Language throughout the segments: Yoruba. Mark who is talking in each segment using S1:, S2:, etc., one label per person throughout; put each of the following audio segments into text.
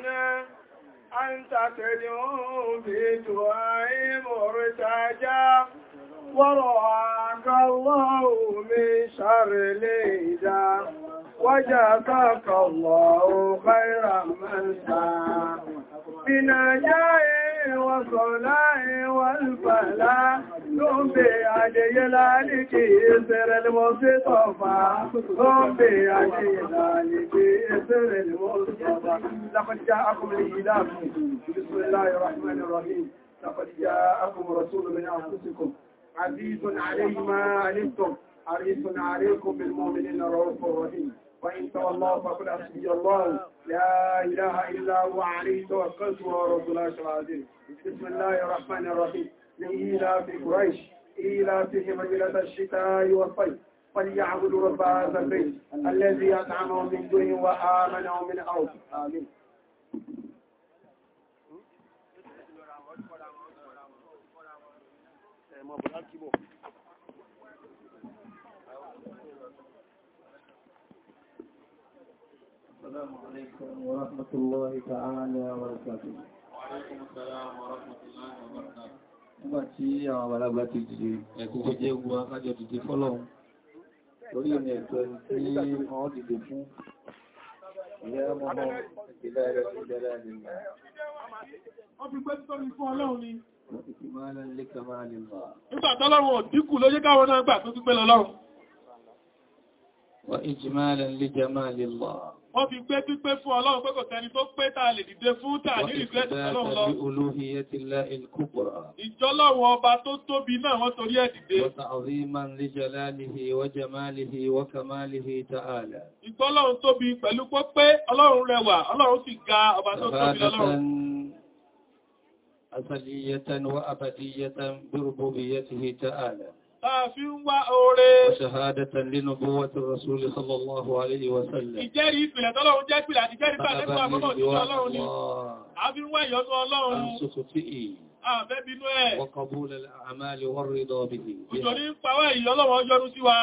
S1: لنا أن تقدم في دعاء مرتجا ورعاك الله من شر ليدا وجزاك الله خير من سا بنجاي وصلاة والفلاة قم بعدي لالك إسر المصطفى قم بعدي لالك إسر المصطفى لقد جاءكم الإله بسم الله الرحمن الرحيم لقد جاءكم رسول من أنفسكم عزيز عليه ما علمتم حريص عليكم بالمؤمنين رؤوف رحيم وإن تولوا فقل أسبي الله لا إله إلا هو عليه توكلت وهو رب العظيم بسم الله الرحمن الرحيم لإيلاف قريش إيلافهم مجلة الشتاء والصيف فليعبدوا رب هذا البيت الذي أطعمهم من دون وآمنه من خوف آمين Thank
S2: السلام عليكم ورحمة الله تعالى وبركاته وعليكم السلام ورحمة الله وبركاته Nígbà tí àwọn àbàlágbà ti dìde, ẹ̀kùnkú jẹ́ ogun akájọ dìde fọ́lọ́run. Lórí ọ̀nà ẹ̀tọ́ tí wọ́n dìde fún ìyá ọmọ ìlà ẹ̀rọ sí ìjẹ́lá ìlà.
S1: Wọ́n fi pẹ́ títọ́ ní fún ọlọ́run ni.
S2: Wọ́n ti fi máa lẹ́lẹ́kà máa lè máa.
S1: Nígbà tọ́lọ́run ọ̀díkù ló yẹ káwọn náà
S2: وإجمالا لجمال الله
S1: wọ́n fi pé pípé fún ọlọ́run
S2: pé kò tẹni tó pé tàà lè dìde fún tàà ní ìfẹ́sì ọlọ́run lọ. ìjọlọ́wọ́ ọba tó tóbi náà wọ́n torí ẹ̀ dìde. ìgbọ́lọ́run tóbi pẹ̀lú pọ́ pé ọlọ́run rẹwà
S1: ọlọ́run sì ga
S2: بربوبيته تعالى
S1: tààfí ń wá oore.
S2: Ṣahadatan li nubuwwati Rasuli sallallahu alayhi wa sallam.
S1: ìpìlẹ̀ tọ́lọ́run jẹ́ pìlẹ̀ àti jẹ́rí bá lẹ́gbàá mọ́mọ̀ ni.
S2: Àbí wá ìyọ́nú ọlọ́run. Àṣòkò tí ì àfẹ́bínú ah, ẹ̀. Wọ́kọ̀búlẹ̀ àmàlì wọ́rìdọ̀ bìí. Nítorí ń pàwà ìyọ́lọ́wọ́ ọjọ́rú sí wa.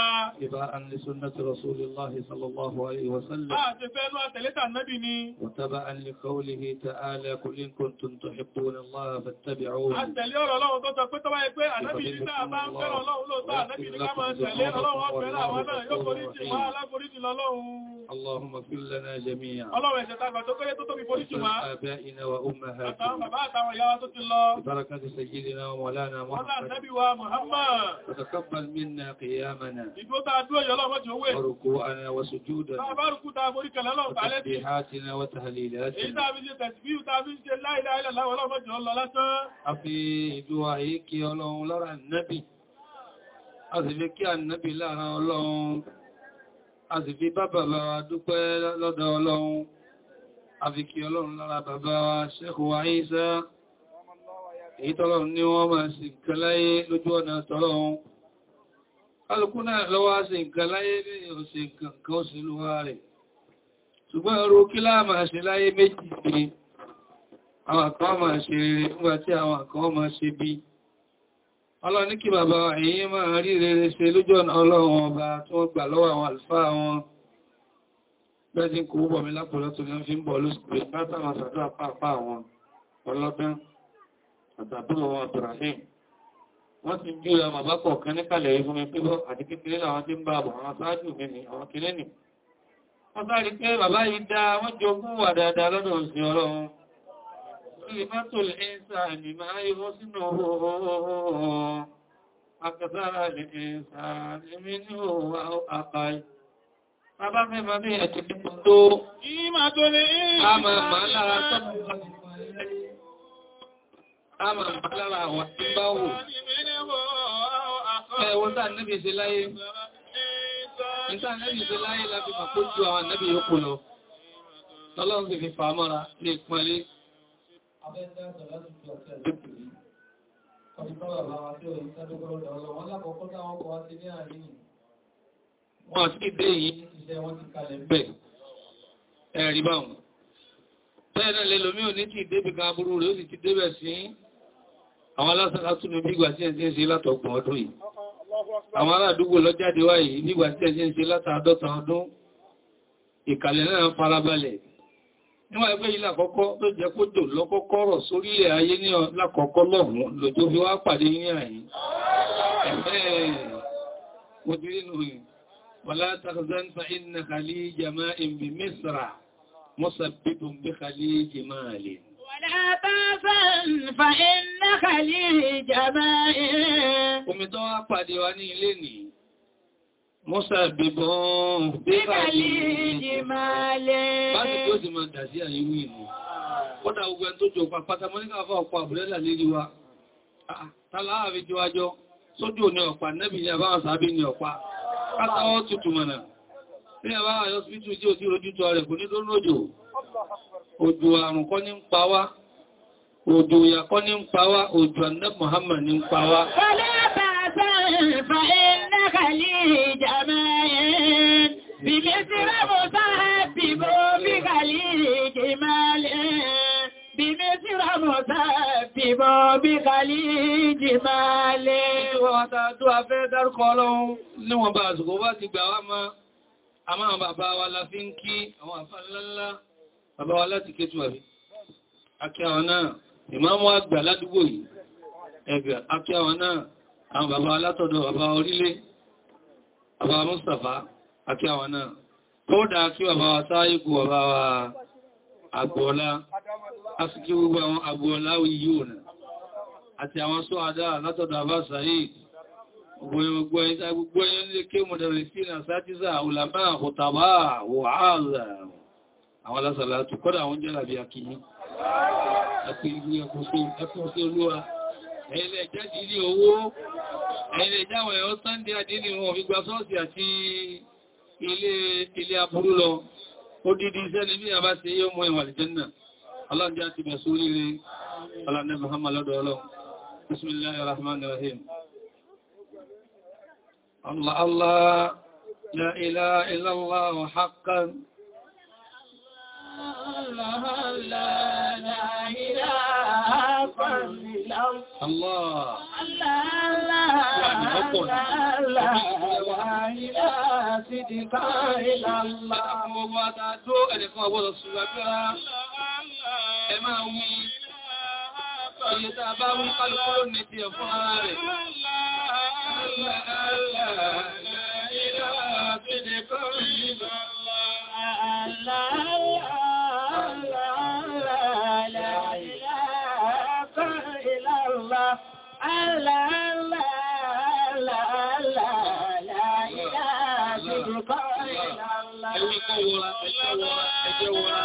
S2: Ìbá an lè súnnà ti Rasúlùláhì sallallahu alaihi wasallam. Àà ti fẹ́ lọ àtẹ̀lẹ́ta nábì ni. Wọ́taba an lè kọ́wùlìhì ta'ala kullin kuntum tuhibbuna Allah fattabi'un. Àtẹ̀lé
S1: ọ̀rọ̀ Ọlọ́run tó sọ pé tọ́wá ẹ pé ànábì ní tá
S2: a bá ń fẹ́ràn Ọlọ́run lóòótọ́ ànábì ní ká máa tẹ̀lé Ọlọ́run ọ̀fẹ́ láwọn náà yóò forí jì wá
S1: aláforí jì lọ́lọ́run.
S2: Allahumma fil lana jami'an.
S1: Ọlọ́run ẹ̀ṣẹ̀ tá a gbà tó kéré tó tóbi forí jì wá.
S2: Àbẹ́ ìnáwà ó máa hà. Àtàwọn bàbá àtàwọn ìyá wa tó ti lọ. بركة سيدنا ومولانا محمد وتقبل منا قيامنا
S1: وركوعنا
S2: وسجودنا
S1: وتسبيحاتنا
S2: وتهليلاتنا أفي دعائك يا الله لرى النبي أذبك يا النبي لرى الله أذبي بابا لرى دقاء لدى الله أذبك يا الله لرى بابا شيخ وعيسى èyí tọ́lọ̀ ní wọ́n máa sì nǹkan láyé lójú ọ̀nà tọ́lọ̀ ohun alùkú náà lọ́wọ́ sí nǹkan láyé ní ọ̀sẹ̀ kankan ó sì lúwà rẹ̀ ṣùgbọ́n ẹrù kí láàmà ṣe láyé méjì pé àwọn kan máa ṣe rere nígbà tí àwọn kan máa ṣe bí ọlọ́ni kí bàbá èyí máa rí rere àtàbúrò wọn Ibrahim wọ́n ti jú ya bàbá kọ̀ọ̀kan níkàlẹ̀ yìí fún mi pé àti kékeré làwọn tí ń bá bọ̀ àwọn sáájú mi ni àwọn kéré nì wọ́n sáré pé bàbá yìí dá wọ́n jogún wà dáadáa lọ́dọ̀ òsìn ọlọ́run lórí mọ́tò ẹ̀ẹ́sà ni máa yíwọ sínú akẹsára ẹ̀ẹ́sà ni mi ní a máa bá lára àwọn tí bá wò ẹwọ́n tàà nẹ́bí ṣe láyé ìtàà nẹ́bí ṣe láyé láti pàpó ju àwọn nẹ́bí yóò kùnà lọ́lọ́run sì fi fàámọ́ra ní ìpínlẹ̀ Wọ́n sí dé yìí, ẹ̀rí báwọn. Bẹ́ẹ̀ náà ò ní ti débìkan aburú rẹ̀ ó sì ti débẹ̀ sí àwọn alására tún ní nígbà tí ẹ̀ tí ń ṣe látọ̀gbọ̀n ọdún yìí uh-huh, àwọn ará àdúgbò lọ́jáde wáyìí nígbà tí ẹ̀ tí ń ṣe látàádọ́ta ọdún ìkàlẹ̀ náà farabalẹ̀ níwọ̀n ẹgbẹ́ ilé àkọ́kọ́ tó jẹ́ kó dò lọ́kọ́kọ́ rọ̀ sórílẹ̀ ayé ní lákọ̀ọ́kọ́ lọ́hùn Omi tó wá pàdé wa ní ilé nìí. Mọ́sá bíbọn bíbàlì ìjìmàlẹ̀. Báyìí tó sì máa dàsí àyíwú ìlú. Kọ́dà ogun tó jọ pa pátá mọ́ nígbà fún ọ̀pọ̀ àbúrẹ́là lérí wa. Ah, Tàlá àrí jọ ajọ, sójú ní ọ̀pá, nẹ́bì ní àbáwọn sàábí ní ọ̀pá. Kátàwọ́ tutù mọ̀nà. Ní àbáwọn òjò àrùn kọ́ ní ń pa wá òjò ìyà kọ́ ní ń pa wá òjò àndẹ́ Muhammad ní ń pa wá
S3: Ìbọ̀ bí kàlí
S2: jìmálé wọ́n tàbí afẹ́ dárúkọ ọlọ́run níwọ̀n bá àsìkò bá ti gbà wá máa, a máa bàbá wa la kí àwọn àfà ńláńlá bàbá wa láti kétù àrí akíyàwó náà ìmáàmù àgbà ládúgbò yìí ẹgbẹ̀ akíyàwó náà àwọn bàbá alátọ̀dọ̀ bàbá orílẹ̀ bàbá Mustapha akíyàwó náà tó dá kí bàbá wa sáyíkù bàbá wa àgbọ̀ọ́lá asìkí gbogbo àwọn àgbọ̀ọ́lá yíò nà àti àwọn sọ àdá látọ̀dọ̀ bàbá Saheed ulama khutaba wa'aza àwọn alásàlá tó kọ́dà àwọn jẹ́ làbí akìyí àti ìlú ẹkùn sí ẹkùn sí olúwa ẹ̀lẹ̀ jáde ilé owó ẹ̀lẹ̀ jáwọn ẹ̀họ́ sunday àdínì wọn fi gba sọ́ọ̀sì àti ilé aburú lọ ó dídí iṣẹ́ ní bí àbá sí yóò mọ́ ìwà àlìjẹ́nà aláàjá ti bẹ̀ sórí rẹ̀ alánẹ́ Muhammad lọ́dọ̀
S3: Allah.
S2: Iye tá a bá mú kálùkú ló
S3: ní
S4: ti ẹ̀fún ara rẹ̀.
S3: Allah, Allah, Allah. wọra ẹjẹ́ wọra ẹjẹ́ wọra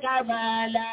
S3: Kamala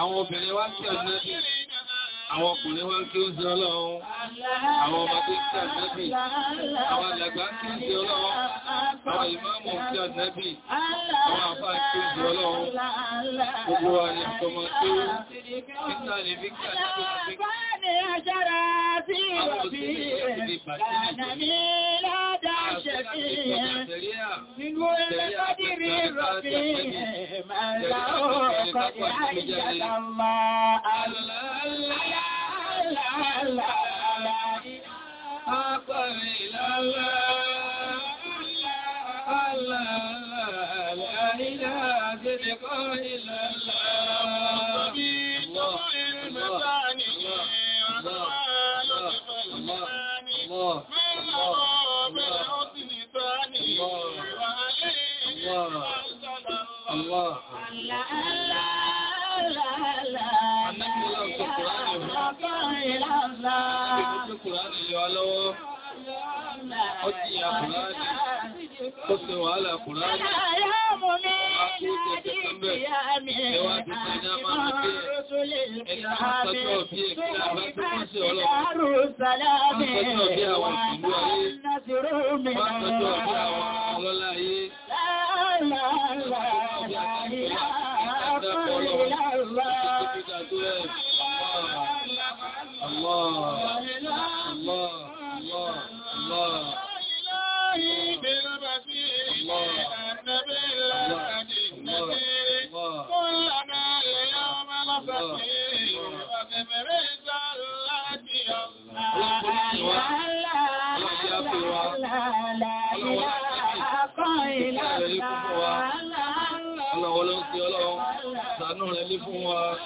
S2: àwọn obìnrin wá kí ànábì àwọn ọkùnrin wá kí ó ń sin ọlọ́run
S3: àwọn ọmọ tó kí ànábì àwọn àgbàgbà kí ó ń sin ọlọ́run àwọn ìmáàmù kí ànábì àwọn àfáà kí ó ń sin ọlọ́run gbogbo wa ni àtọmọ tó títà lè fi kí ànábì àwọn òṣèlú ìpàdé فيها نقول لقدر ربي ما له قد عجل الله الله الله الله الله الله الله
S2: Ó ṣe wàhálà Kùránì. Ẹwà ti ṣe ní a máa ń bí ẹ̀. Ẹ̀ta máa tọ́jọ́ bí ẹ̀ kí a bá tó kọ́ sí ọlọ́pàá. Máa tọ́jọ́ bí àwọn ìlú ayé. Máa tọ́jọ́ bí àwọn ọlọ́lá ayé.
S3: Allah.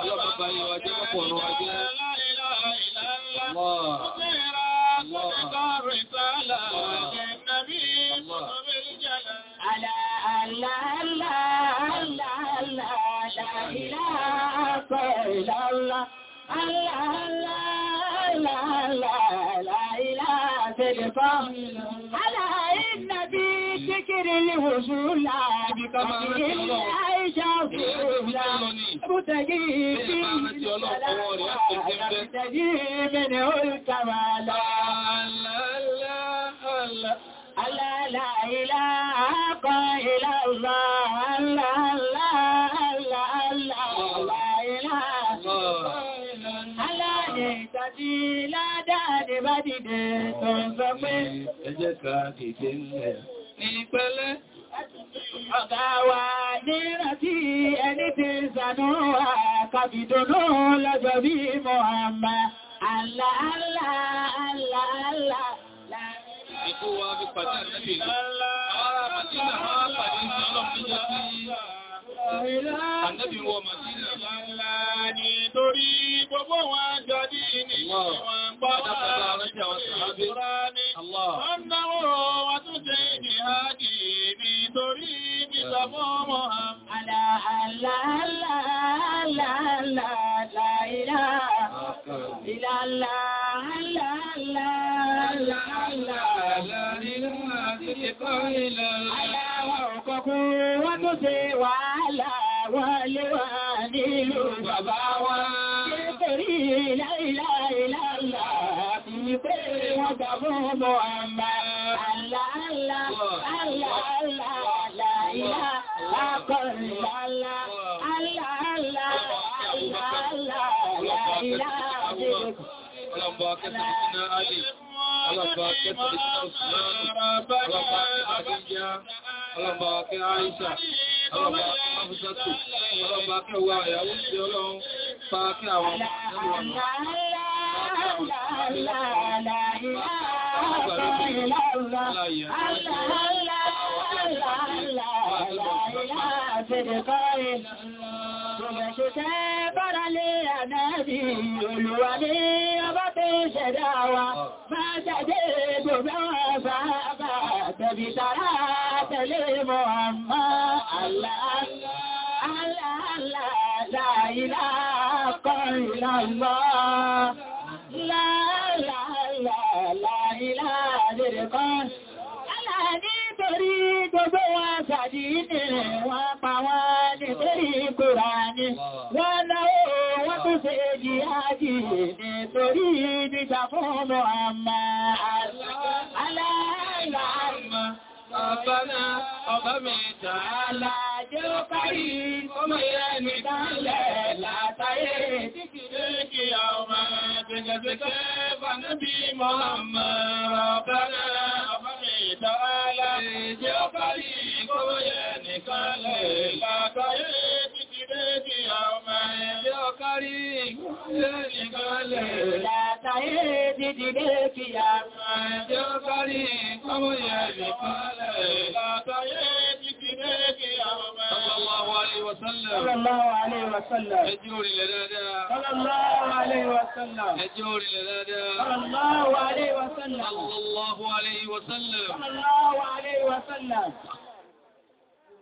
S3: ọlọ́pàá bá yíwa jẹ́ pọ̀pọ̀ ọ̀nà wa jẹ́ Allah, Allah, Allah, Allah, ní òṣùlá Ìlàdá ni bá dìde tó ń
S2: sọ pé ẹjẹ́ ká dìde ń lẹ̀ ìpẹ́lẹ́.
S3: Ọ̀gá wa níràtí ẹni tí sànú àkàbìdónú lọ́jọ́ bí Muhammad. Allah, Allah, Allah, Allah. Ikú wa fi pàdé àti ìlú. Ara Màtílà máa pàdé ní ọlọ́pìnjẹ́ sí Ànábì wọ Màtílà. Nítorí gbogbo wọn jọ ní ìwọ̀n gbọ́wọ́. Ọ̀nà nítorí ìbísọ fún Muhammad. Wọ́n tó ṣe wàhálà wọ́n lé wà nílùú bàbá wa. Kéèkèrí láìláìláìlá àti pé wọ́n gbà fún ọmọ àmì.
S1: سيدنا
S2: علي اللهم بارك سيدنا عثمان اللهم بارك خديجة اللهم بارك
S3: عائشة اللهم بارك حفصة اللهم بارك هو يا ولدي اللهم بارك àwọn Ọ̀bẹ̀ ṣe tẹ́ bára lé àdájì olúwa lé ṣẹ̀dá wa, máa ṣàdé èdò mẹ́wàá sáábà, tẹ̀bí tàrá tẹ̀lé Mọ̀hànmá Allah, Allah, Allah, la ilaha illallah, la ilaha Nítorí gbogbo wọn sàdí ní wọ́n pa wọ́n nítorí Kùránì, wọ́n náwó jihadi nítorí ìdíjà fún Mùhàmmá. Aláìlà àmà, ọ̀bánà, ọba mẹ́ta. Aláàjẹ́ ó parí, ọmọ ìyá ẹni dálẹ̀ látàyé. Títí
S2: lókè látàyé
S3: ọmọ ẹgbẹ́ ọkárí ìgbẹ́ ìgbẹ́lẹ̀. Látàrí dídìdé kí a mọ̀ ẹgbẹ́ ọkárí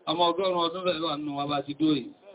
S2: Ọmọ ọgọ́rùn-ún ọdún bẹ̀rẹ̀ wà nínú wa bá ti dóyìí.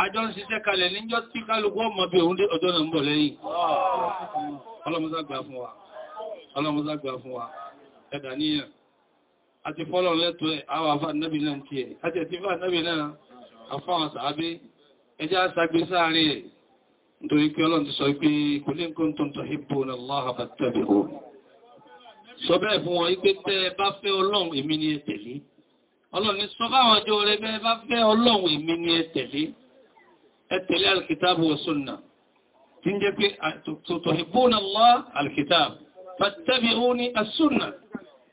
S2: àjọ ń ṣiṣẹ́ kalẹ̀ níjọ́ tí kálùkù ọmọ bí òun dé ọjọ́ náà ń bọ̀ lẹ́yìn ọlọ́mọságbà fún wa ọlọ́mọságbà fún wa ẹ̀dà níyàn àti fọ́lọ̀ lẹ́tọ́ ẹ̀ àwọn afá nábì náà ti ẹ̀ àti ẹ̀tí fà nábì náà afáwọn sàábé ọlọ́run Allah àbátẹ́bẹ̀ ó sọ bẹ́ẹ̀ fún wọn wípé tẹ́ ẹ ni ẹ tẹ̀lé ọlọ́run ni sọ báwọn ọjọ́ rẹ bẹ́ẹ̀ bá fẹ́ ọlọ́run èmi ni ẹ̀tẹ̀lé alkitabu wa sunna tí ń jẹ́ pé tuhibbuna Allah alkitab fattabi'uni as-sunna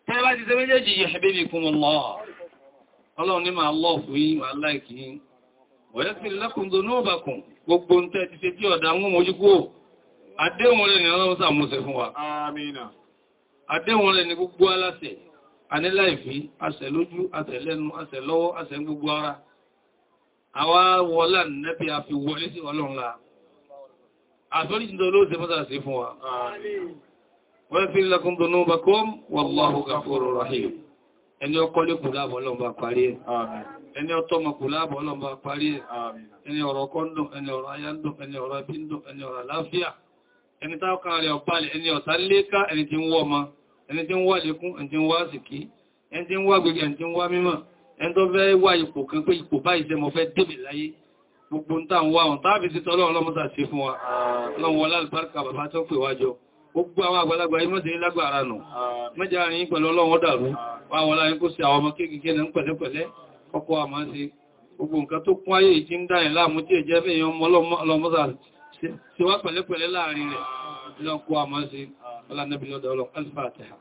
S2: tẹ́ bá ti tẹ́ méjèèjì yuhibbukum Allah ọlọ́run ní máa lọ́ fún yín máa láìkì yín wọ́yẹ́ sí lẹ́kùn tó náà bàkùn gbogbo ń tẹ́ ti ṣe tí ọ̀dá mú gbogbo ara àwa wọlá nẹ́bí a fi wọlé sí ọlọ́nlá àtọ́lì jíndọ̀ olóòsẹ mọ́ta sí fún wa wọ́n fi lakum dunubakum wallahu ghafurur rahim ẹni ọkọ́ lé kùláàbọ̀ ọlọ́mbà parí ẹ̀ ẹni ọtọ́mọ kùláàbọ̀ ọlọ́mbà parí ẹ̀ ẹni ọ̀rọ̀ kọ́ndùn ẹni ọ̀rọ̀ ayándùn ẹni ọ̀rọ̀ abíndùn ẹni ọ̀rọ̀ aláfíà ẹni táwọn rẹ̀ ọ̀pálẹ̀ ẹni ọ̀tá léka ẹni tí ń wá lékún ẹni tí ń wá sìkí ẹni tí ń wá gbẹ̀gẹ̀ ẹni tí ń wá mímọ̀ ẹni tó fẹ́ wá ipò kan pé ipò báyìí jẹ́ mo fẹ́ débì láyé gbogbo ń tàn wá ọ̀n tàbí ti tọ́lọ́ ọlọ́mọ́ta sí fún wa lọ́wọ́ lálùbáríkà bàbá tó pè wájọ gbogbo àwọn àgbàlagbà imọ́dé lágbàrà nù mẹ́jà rìn pẹ̀lú ọlọ́wọ́ dàrú àwọn ọlá ikú sí àwọn ọmọ kéèkéé ní pẹ̀lẹ́pẹ̀lẹ́ ọkọ̀ àmá sí gbogbo nǹkan tó kún ayé ìtí ń dáyìn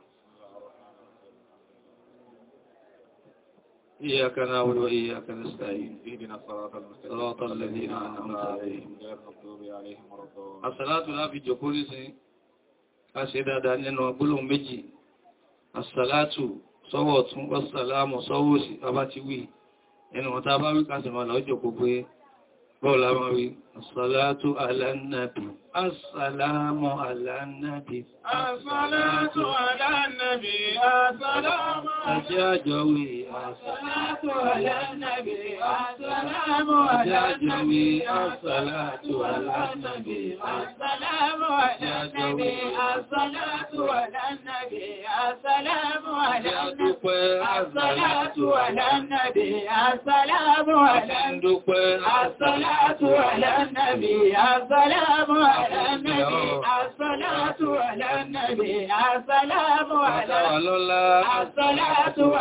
S2: إياك نعبد وإياك نستعين اهدنا الصراط المستقيم صراط الذين أنعمت عليهم غير المغضوب عليهم ولا الضالين الصلاة لا في جوكوريسي أشهد أن لا إله méjì الصلاة sọ́wọ́ Ajá àjọwé àṣà.
S3: السلام على جميع الصلاة على النبي السلام على النبي الصلاة على النبي السلام على النبي الصلاة على النبي السلام على
S2: النبي الصلاة على النبي السلام على النبي الصلاة على النبي
S3: السلام على الصلاة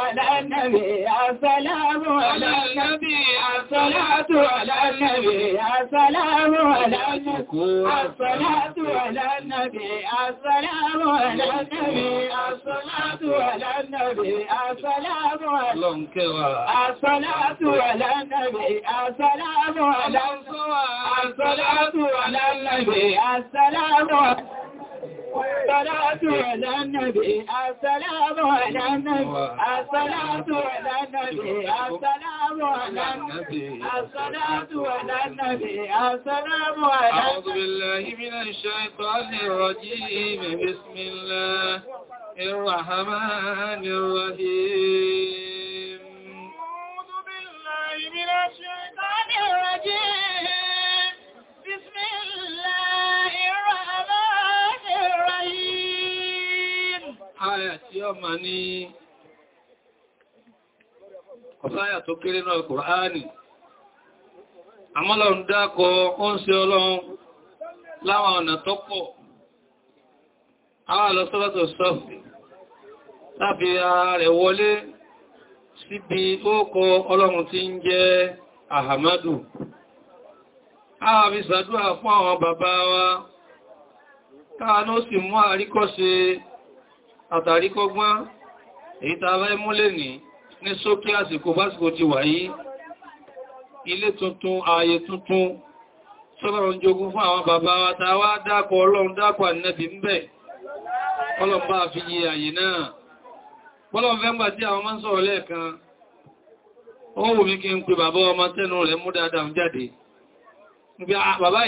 S3: على النبي السلام على النبي
S1: الصلاة على النبي السلام على النبي الصلاة
S2: على النبي
S3: السلام على النبي الصلاة على النبي السلام على النبي الصلاة على النبي السلام على الصلاة على النبي السلام على الصلاة على النبي السلام على النبي الصلاة على النبي السلام على النبي الصلاة على النبي السلام على أعوذ بالله
S2: من الشيطان الرجيم بسم الله الرحمن الرحيم أعوذ
S1: بالله من
S3: الشيطان الرجيم
S2: Ààrẹ tí ó ma ní ọ̀sáyà tó kéré náà Kùránì. Àmọ́lọ́run dákọ ó ń ṣe ọlọ́run láwọn ọ̀nà tó pọ̀. Àwọn àlọ́sọ́lọ́tọ̀ sọ́fì láfi ààrẹ wọlé síbi ó kọ ọlọ́run tí ń jẹ́ Àhàmádù. Ààbí ṣàdúrà fún àwọn bàbá wa, káà ní sì mú àtàrí kọgbọ́n èyí tààrẹ múlẹ̀ ní ní sókè àsìkò básìkò ti wà yìí ilé tuntun ààyè tuntun sọ́lọ̀rọ̀ jogun fún àwọn bàbá wa ta wá dákọ̀ ọlọ́run dákọ̀ ànẹ́bì ń bẹ̀ ọlọ́mbà fi yí ààyè náà bọ́lọ̀n fẹ́ gbà tí àwọn máa ń sọ̀rọ̀ lẹ́ẹ̀kan ó wù mí kí n pè bàbá ọmọ tẹ́nu rẹ̀ mú dáadáa ń jáde ah, bàbá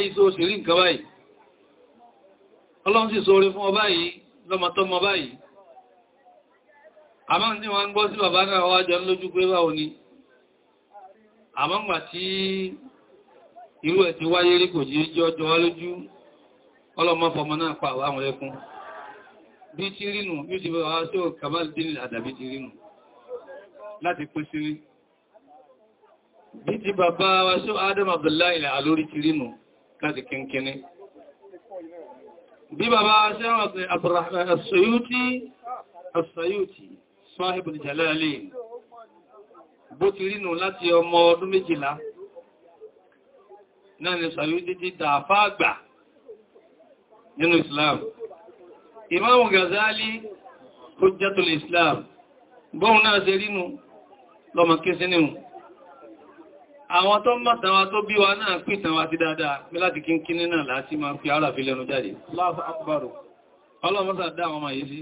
S2: ọlọ́run sì sọ orí fún ọba yìí lọ́mọ tọ́mọ báyìí àmọ́ tí wọ́n ń gbọ́ sí bàbá náà wá jọ lójú pé báwo ni àmọ́ gbà tí irú ẹ̀ ti wáyé rí kò jí jọjọ wá lójú ọlọ́mọ fọmọ náà pa àwọn ẹkùn bí ti rínú bí ti bẹ̀rẹ̀ wá sí ò kàbálìdínlì àdàbí ti rínú láti pín sírí bí ti bàbá wa sí Adam Abdullahi àlórí ti rínú láti kínkíní bí bàbá wa sí Abdurrahman as sahibul jalali bó ti rínú láti ọmọ ọdún méjìlá náà ni Sayudi ti dàfá àgbà nínú Islam Imam Ghazali hujjatul Islam bóhun náà ṣe rínú lọ́mọ kí sínú àwọn tó mọ́ tàwa tó bí wa náà pìtàwà ti dáadáa bí láti kínkín náà láti máa fi ara fi lẹ́nu jáde Allahu akbar ọlọ́mọ́sà dá àwọn ọmọ yìí sí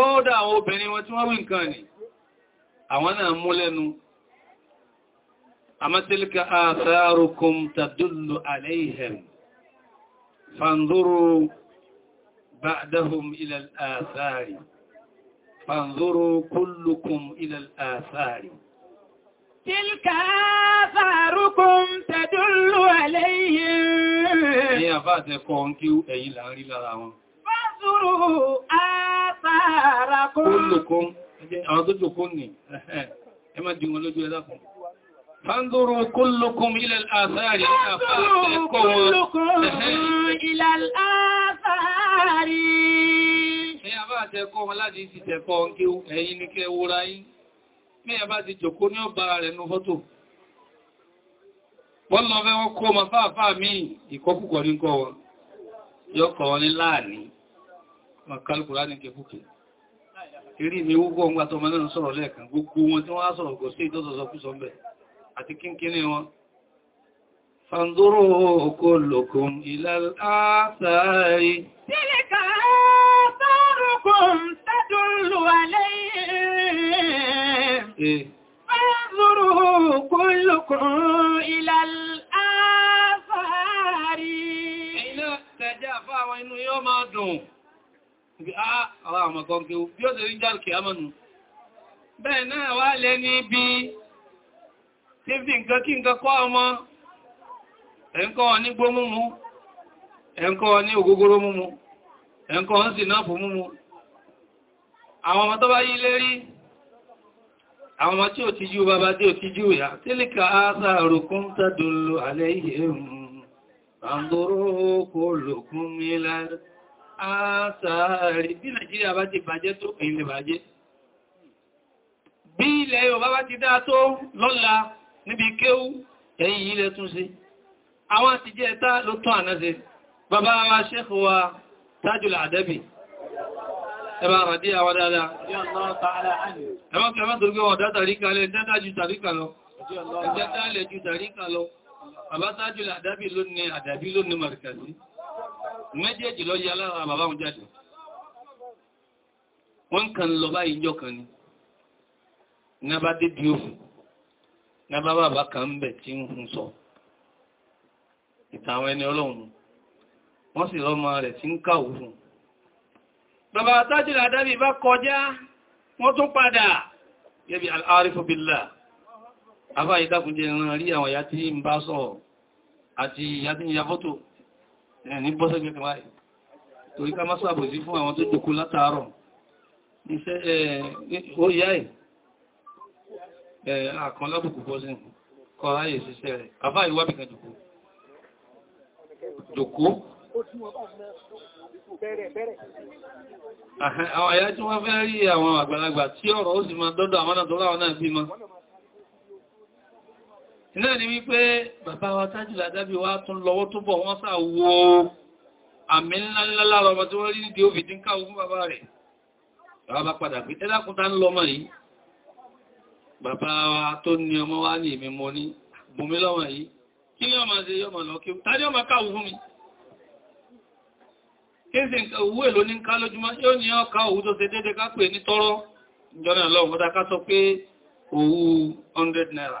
S2: ó dá àwọn obìnrin wọn tí wọ́n wí nǹkan ni àwọn náà mú lẹ́nu àmátẹ́lẹ́kà àtàrùkùn tàdúlù aláìhẹ̀m fàndúrú bàdáhùn ilẹ̀ àtàrí fàndúrú kúlùkùn ilẹ̀ àtàrí
S3: Tilka fàrúkùn tàdúlù aláìhẹ̀m. Ní
S2: àbá àtẹ́kọ̀ọ́ ń kí ẹ̀yìn láàrí lára wọn
S3: sùúrù àtàràkùn.
S2: Olùkún, àwọn tó jòkó nì, ẹ má jùmọ̀ lójú ẹlákùn. Fándúrú kúlùkún ilẹ̀ àsáàrí àtẹ́kọ́ wọn láti ti tẹ̀kọ́ ọ̀nkí ẹ̀yìn ní kẹ wúra yìí. Mẹ́yà bá ti jòkó ní ọba rẹ̀ nú fọ́tò. Wọ́n lọ fẹ́ wọ́n kó ọmọ fáàfáà míì ìkọkùkọ̀ ní kọ́ wọn. Yọ́kọ̀ wọn ní láàrin makalukura ní kẹfùkì ìrí mi wúgbọ́ ọmọ àtọmọ náà sọ̀rọ̀ lẹ́ẹ̀kan gbogbo wọn tí wọ́n á sọ̀rọ̀ fàndúró okó lòkùn ìlàláàtàrí
S3: tílẹ̀kà sọ́rùkùn tẹ́dùnlù alẹ́ fàndúró okó
S2: lòkùn ìlàláàtàrí Ah, ibi a àwọn àmọ̀gán bí ó tẹ̀rí jáàlù kìí àmọ́nu bẹ́ẹ̀ náà wá lẹ́ ní bí fi nǹkan kí nǹkan kọ́ ọmọ ẹ̀ǹkọ́ wọn ní gbó múmú wọn ní ògógóró múmú ẹ̀ǹkọ́ wọn sì náà fò múmú àwọn ọmọ tó bá yí àwọn ọmọ tí ò àṣàrí bí Nàìjíríà bá ti bàjẹ́ tó ilẹ̀ bàjẹ́ bí ilẹ̀ Yorùbá bá ti dá tó lọ́la níbi kéwú ẹ̀yìn ilẹ̀ tún sí àwọn àti jẹ́ ẹ̀ta ló tún ànáṣe bàbá wa Sheikh wa Tajul Adabi ẹbá àmàdí àwọn dáadáa ẹwọ́n kẹfẹ́ tó gbé wọn dá tàríkà lẹ dá ju tàríkà lọ ẹjẹ́ dá lẹ ju tàríkà lọ bàbá Tajul Adabi ló ní àdàbí ló ní màrìkàsí méjèèjì lọ yá lára bàbá wọn jáde wọ́n kàn lọ bá ìjọ kan ni nábá dédé òfin nábá bàbá kan ń bẹ̀ tí ń hun sọ ìtàwọn ẹni ọlọ́run wọ́n sì lọ́mọ rẹ̀ tí ń káwò fún bàbá tájìlá dábì bá kọjá wọ́n tún padà gẹ́bí al'arifobila afá ìdákùnjẹ ìran rí àwọn ìyá tí ń bá sọ àti ìyá tí ń ya fọ́tò ní bọ́sẹ̀gbẹ̀ kan wáyé torí ká máa sàbòsí fún àwọn tó jòkó látàárọ̀ iṣẹ́ ó yá ẹ̀ àkan lábùkù bọ́sẹ̀ kọ ráyè síṣẹ́ rẹ̀ àbá ìwábì kan jòkó jòkó àwọn àyájú wọ́n fẹ́ rí àwọn àgbàlagbà tí ọ̀rọ̀ ó sì máa dọ́dọ̀ àwọn àdọ́dọ̀ àwọn náà bí máa náà ni wípé bàbá wa tájùlá dábí wá tún lọ́wọ́ tó bọ̀ wọ́n sà wo àmì ńlá lára ọmọ tí wọ́n rí nídìí òfin tí ń káwọ́ fún bàbá rẹ̀ bàbá bá padà pé ẹlákùntà ń lọ́mọ yìí bàbá wa tó ní ọmọ wá ní èmi mo ní bùnmí lọ́mọ yìí kí ni ọmọ ṣe yọmọ lọ kí tàbí ọmọ káwọ́ fún mi kéèsì nǹkan owó èlò ní ká lójúmọ́ yóò ní ọkà òwú tó ṣe dédé ká pè ní tọ́rọ ìjọ́nà lọ́wọ́ mọ́ta 100 naira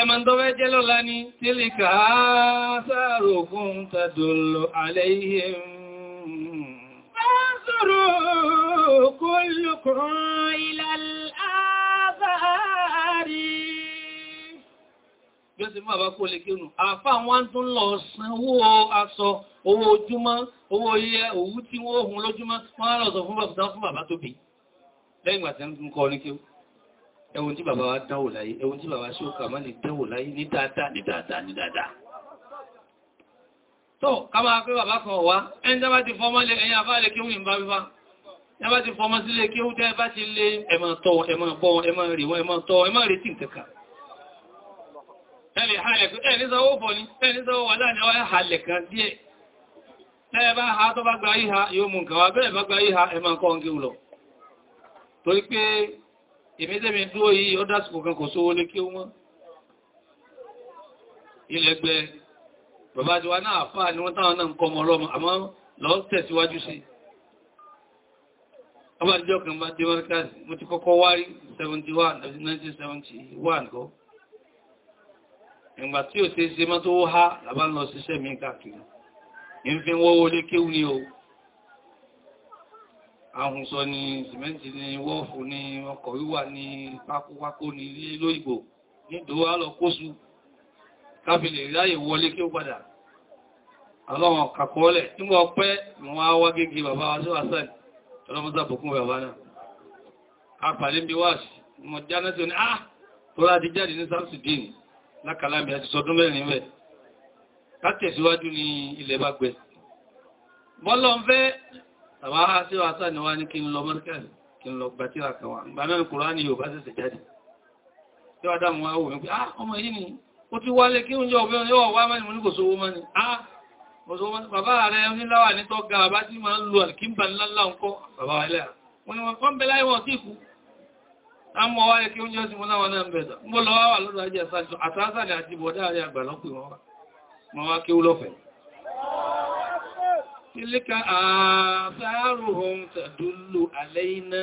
S2: ẹmọ tó fẹ́ jẹ́ lọ́la ní tílíkà sáàrò fún tàdùlù aléyìn Fásọ̀rọ̀ kúlùkùn ìlàlábàárí. Bí ó sì máa bá kó lè kírùn, àfá wọn tún lọ sanwó aṣọ, owó ojúmọ́, owó iye òwú tí wọ́n ohun lójúmọ́, wọ́n lọ sọ fún bàbá tó bí. Lẹ́yìn tí ń kọ́ ní kírùn ẹwùn tí bàbá wa dáwò láyé ẹwùn tí bàbá ṣókà má ní dáwò láyé ní dáadáa ní dáadáa ní dáadáa tó kábà pé bàbá kan wá ẹni tẹ́ bá ti fọmọ́ lé ẹ̀yìn àbáàlẹ̀ kí wùn bá wíwá ẹ bá ti fọmọ́ sílé kí ó tẹ́ bá ti lé ẹmọ tọ́ ẹmọ bọ́ ẹmọ rí wọn ẹmọ tọ́ ẹmọ rí tí nkẹ́kà torí pé ìmẹ́tẹ́mi dúó yìí ó dásìkò kan kò sówó lé kí ó wọ́n ilẹ̀gbẹ́ bàbá ti wá náà àfáà ni wọ́n táwọn náà ń kọ ọmọ ọlọ́mọ àmọ́ lọ tẹ̀síwájú sí ọba ìjọ kan bá dé mọ́ríkàsì mo ti kọ́kọ́ wárí 71 àti 1971 kọ́ ìgbà tí ò ṣe é ṣe mọ́ tó há làbá lọ síṣẹ́ mi káàkiri ìfẹ́ wọ́wọ́ ahùnsọ ni sìmẹ́ntì ni wọ́ọ̀fù ni ọkọ̀ wíwà ni pákópákó ni ilé ìgbò nídòwà lọ kóṣù kábílẹ̀ ìráyè wọlé kí ó padà aláwọn kàkọọ́lẹ̀ tí wọ́n pẹ́ wọ́n á wá gẹ́gẹ́ bàbá wa síwá sáì ọlọ́mọ́sá bùkún bàbá náà apàdé bí wá sí mọ̀ jáná tí ó ní ah tó láti jáde ní samsudin lákàlámi àti sọdún mẹ́rin rẹ̀ látẹ̀síwájú bàbá sí wàsá ni wá ní kí n lọ mọ́ríkàlì kí n lọ gbàtíra kan wà nígbà náà Kùránì yóò bá sẹ̀sẹ̀ jáde tí wá dámù wá wò ní pé ah ọmọ yìí ni ó ti wálé kí oúnjẹ ọ̀bẹ́ ọ̀nà yóò wá mẹ́rin mú ní kò sówó mọ́ ni ah bàbá rẹ̀ oníláwà ní tọ́ ga bá tí máa ń lo àkímbà ńláńlá ńkọ́ bàbá ni wọn kọ́ ń bẹ láyé wọn sí ìkú àmọ́ wá yẹ kí oúnjẹ sí mọ́ láwọn náà ń bẹ̀ẹ̀dà mọ́ lọ wá wà lọ́dọ̀ ajé àtàṣà ni àti Tílíkà àtàrùhùn tàdúlù àlẹ́iná,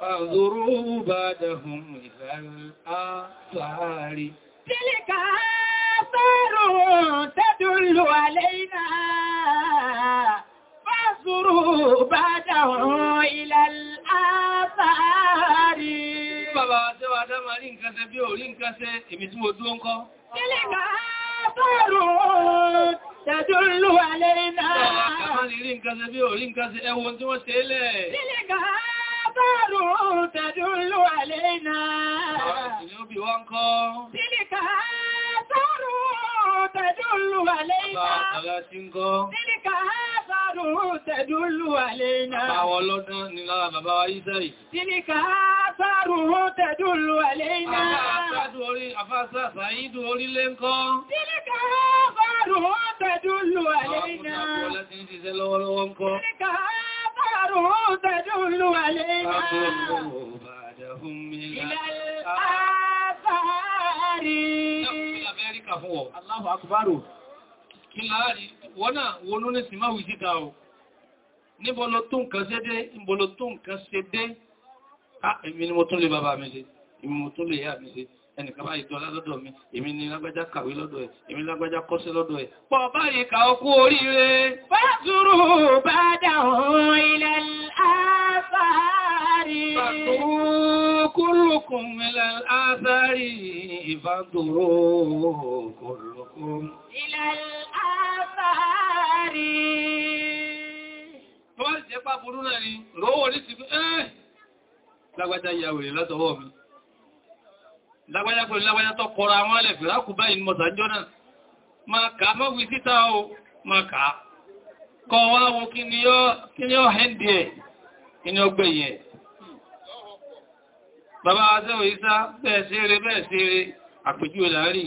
S2: fàzòrò bàdàhùn ìlàrí àtàrí.
S3: Tílíkà àtàrùhùn
S2: tàdúlù àlẹ́iná,
S3: fàzòrò bàdàhùn ìlàrí
S2: àtàrí. Bàbá wa tẹ́wàá dá máa rí nǹkan ṣe bí ò rí nǹkan ṣe, tí mo dúró ń kọ́. Tílíkà àtàrùhùn tàdúlù àlẹ́iná ní rí nǹkan ṣe bí ò rí nǹkan ṣe ẹwọ tí wọ́n ṣe lẹ̀. Lílẹ̀
S3: káàbàrù tàjú ló àlẹ́ náà. Àwọn ìsìn ó bí wọ́n kọ́. Lílẹ̀ káàbàrù tàjú ló àlẹ́ náà. Àwọn
S2: ọlọ́dún ni lára bàbá wa yíṣẹ́
S3: àtàrù ó tẹ̀dúlù àlẹ́nà. Tilka àtàrù ó tẹ̀dúlù àlẹ́nà.
S2: Ilẹ̀
S3: àtàrí.
S2: Amẹ́ríkà fún ọ, Allahu Akbaru. Kí láàrí, wọ́n náà wọ́n ní sì máa wù síta o. Níbọ̀lọ tó nǹkan ṣe dé, ìbọ̀lọ ṣe dé. Ah, èmi ni mo tún lè bàbá mi ṣe, èmi tún lè yá mi ṣe ẹnìkan báyìí dọ́lá lọ́dọ̀ mi èmi ni lágbájá kàwé lọ́dọ̀ ẹ̀ èmi lágbájá kọ́ṣẹ́ lọ́dọ̀ ẹ̀ pọ̀ báyìí kà ó kú oríire
S3: fásúrù bá dáhùn ilẹ̀ àfáàrí
S2: kúrùkùn ilẹ̀ àfáàrí ìfàndòrò kúrùkùn
S3: ilẹ̀ àfáàrí
S2: tó jẹ́ pàbúrú náà ni lọ́wọ́ lágbájá pẹ̀lú lágbájá tó kọra àwọn alẹ̀ fìrákù báyìí ní mọ̀sánjọ́ náà ma kà á mọ́wí síta o ma kà á kọ wá wo kí ni ó hẹ́ndì ẹ̀ kí ni ó gbẹ̀yẹ̀ bàbá azẹ́wò isá bẹ́ẹ̀ sí eré bẹ́ẹ̀ sí eré àpèjú ìlàárí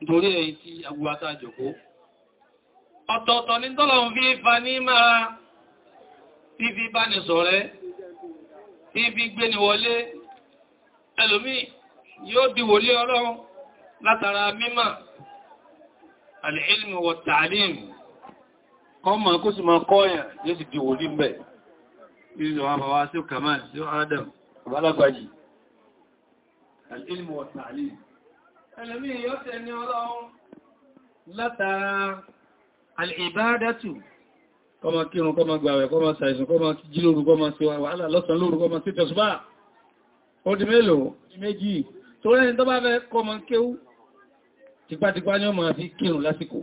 S2: nítorí ẹ̀yìn tí agbúwátá àjòkó ọ̀tọ̀ọ̀tọ̀ ní tọ́lọ̀un fi fa ní máa fífi bá ní sọ̀rẹ́ fífi gbé ní wọlé ẹlòmí yóò di wòlé ọlọ́run látara mímà al-ilmu wa ta'lim kó sì máa di adam al-ilmu wa ta'lim ẹlẹ́mí yóò tẹ ní ọlọ́run látara al'ibádátù kọmọ kírun kọmọ gbàwẹ̀ kọmọ sàìsùn kọmọ jí lóru kọmọ sí wàhálà lọ́sàn lóru kọmọ sí tẹ̀sùbá ó di mélòó méjì tó rẹ̀ tó bá fẹ́ kọmọ kéwú tipátipá ní ọmọ àfi kírun lásìkò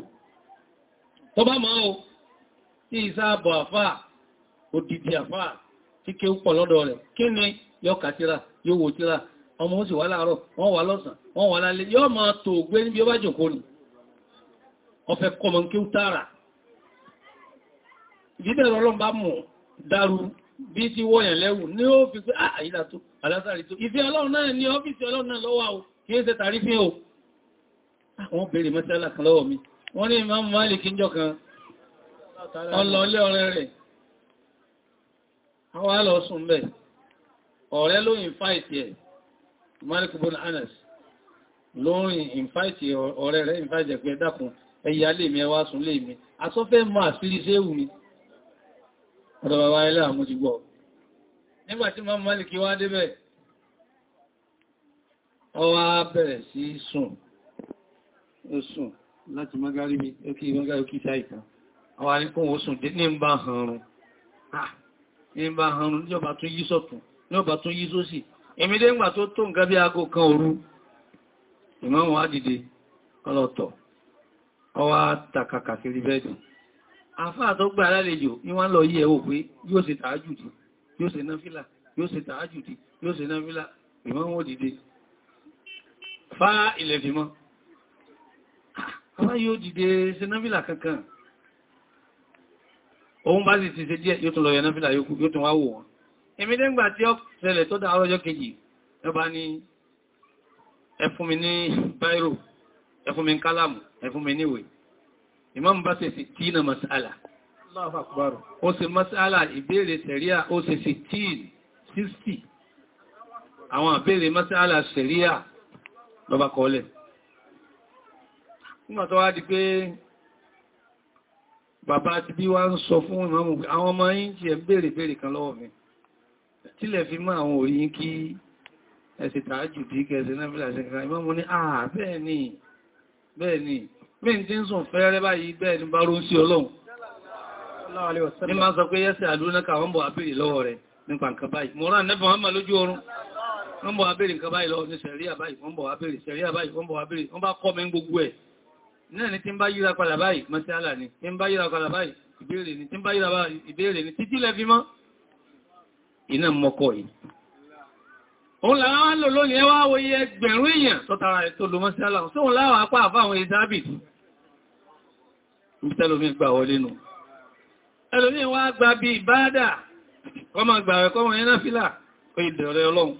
S2: tó bá máa o tí ìsáàbọ̀ àfáà odidi àfáà tí kéwú pọ̀ lọ́dọ̀ rẹ̀ kí ni yóò kàtíra yóò wò tíra ọmọ ó sì wá láàárọ̀ wọ́n wà lọ́sàn wọ́n wà lálẹ́ yọ́ máa tó gbé níbi ó bá jòkó ni ọfẹ́ kọmọ kí ó tààrà ìbíbẹ̀rẹ̀ ọlọ́mbà mọ̀ dàrú bí ti wọ́yàn lẹ́wù ní ó fi pé ah, àìlà o kí é ṣe ah, mi wọ́n ní ìmọ̀ mọ́lì kíjọ kan ọlọ́lẹ́ ọ̀rẹ́ rẹ̀ àwọn alọ́sùn bẹ̀ ọ̀rẹ́ lóyìn fáìtì ẹ̀ Malik bin Anas ló ń ìfáìtì ọ̀rẹ́ rẹ̀ ìfáìtì ẹ̀pẹ́ dákun ẹ̀yà lè mi ẹwà sùn lè mi asọ́fẹ́ ma àfírí sí èwù ni ọ̀dọ̀ bàbá ilẹ̀ àmójúgbọ́ nígbàtí ma Malik wá débẹ̀ ó wá bẹ̀rẹ̀ sí sùn sùn láti magari mi ókè magari ókè sáìkà ọwà ní kún ó sùn ní ń bá hanrun ah, ní ń bá hanrun ní ọba tún yí sọ́tún ní ọba tún yí sósì èmi dé ńgbà tó tó nǹkan bí aago kan òru ìmáàmù wá dìde ọlọ́tọ̀ ọwá takàkà kiri bẹ́ẹ̀dì àfáà tó gbà alálejò ní wọ́n lọ yí ẹ̀wò pé yóò ṣe tààjùdì yóò ṣe náfílà yóò ṣe tààjùdì yóò ṣe náfílà ìmáàmù dìde fá ilẹ̀ fìmọ́ àwọn yóò dìde ṣe náfílà kankan òun bá sì ti ṣe díẹ̀ yóò tún lọ yẹ náfílà yóò tún wá wò wọn èmi dẹ́gbà tí ó ṣẹlẹ̀ tó dá ọjọ́ kejì ẹba ni ẹ fún mi ní báírò ẹ fún mi ní kálámù imam bá ṣe na mas'ala ó ṣe mas'ala ìbéèrè sẹ̀ríà ó ṣe sittin 60 àwọn àbéèrè mas'ala sẹ̀ríà lọ́bá kọlẹ̀ nígbà tó wá di pé bàbá ti bí wá ń sọ fún ìmọ̀mù àwọn ọmọ yìí ti ẹ̀ béèrè béèrè kan lọ́wọ́ mi tílẹ̀ fi máa àwọn òyìn kí ẹ̀sì tààjù bí kẹsì náà fílà sí kankan ìmọ́ mú ní àà bẹ́ẹ̀ ni bẹ́ẹ̀ ni mẹ́rin tí ń sùn fẹ́rẹ́ báyìí bẹ́ẹ̀ ni bá rú sí ọlọ́run ní máa sọ pé yẹ́sẹ̀ àdúnákà wọ́n bọ̀ abèrè lọ́wọ́ rẹ̀ nípa nǹkan báyìí mo rán nẹ́bọn wọ́n mọ̀ lójú oorun wọ́n bọ̀ abèrè nǹkan báyìí lọ́wọ́ ní sẹ̀ríà báyìí wọ́n bọ̀ abèrè sẹ̀ríà báyìí wọ́n bọ̀ abèrè wọ́n bá kọ́ mi gbogbo ẹ̀ náà ni tí ń bá yíra padà báyìí mọ́sí àlà ni tí ń bá yíra padà báyìí ìbéèrè ni tí iná mọ́kọ̀ yìí òun làwọn lò lónìí ẹwà oye ẹgbẹ̀rún èèyàn tó tara ètò lọmọ sí aláwọ̀ sóhun láwọn apá àfá àwọn ìdábìtì ìtẹ́lómi gbà wọlé nù ẹlòmí wá gba bí ìbádà kọ́ ma gbà rẹ̀ kọ́wọ́n yẹn náà fílà kó ìdẹ̀rẹ̀ ọlọ́run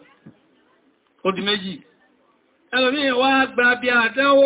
S2: ó di méjì ẹlòmí wá gba bí àdánwò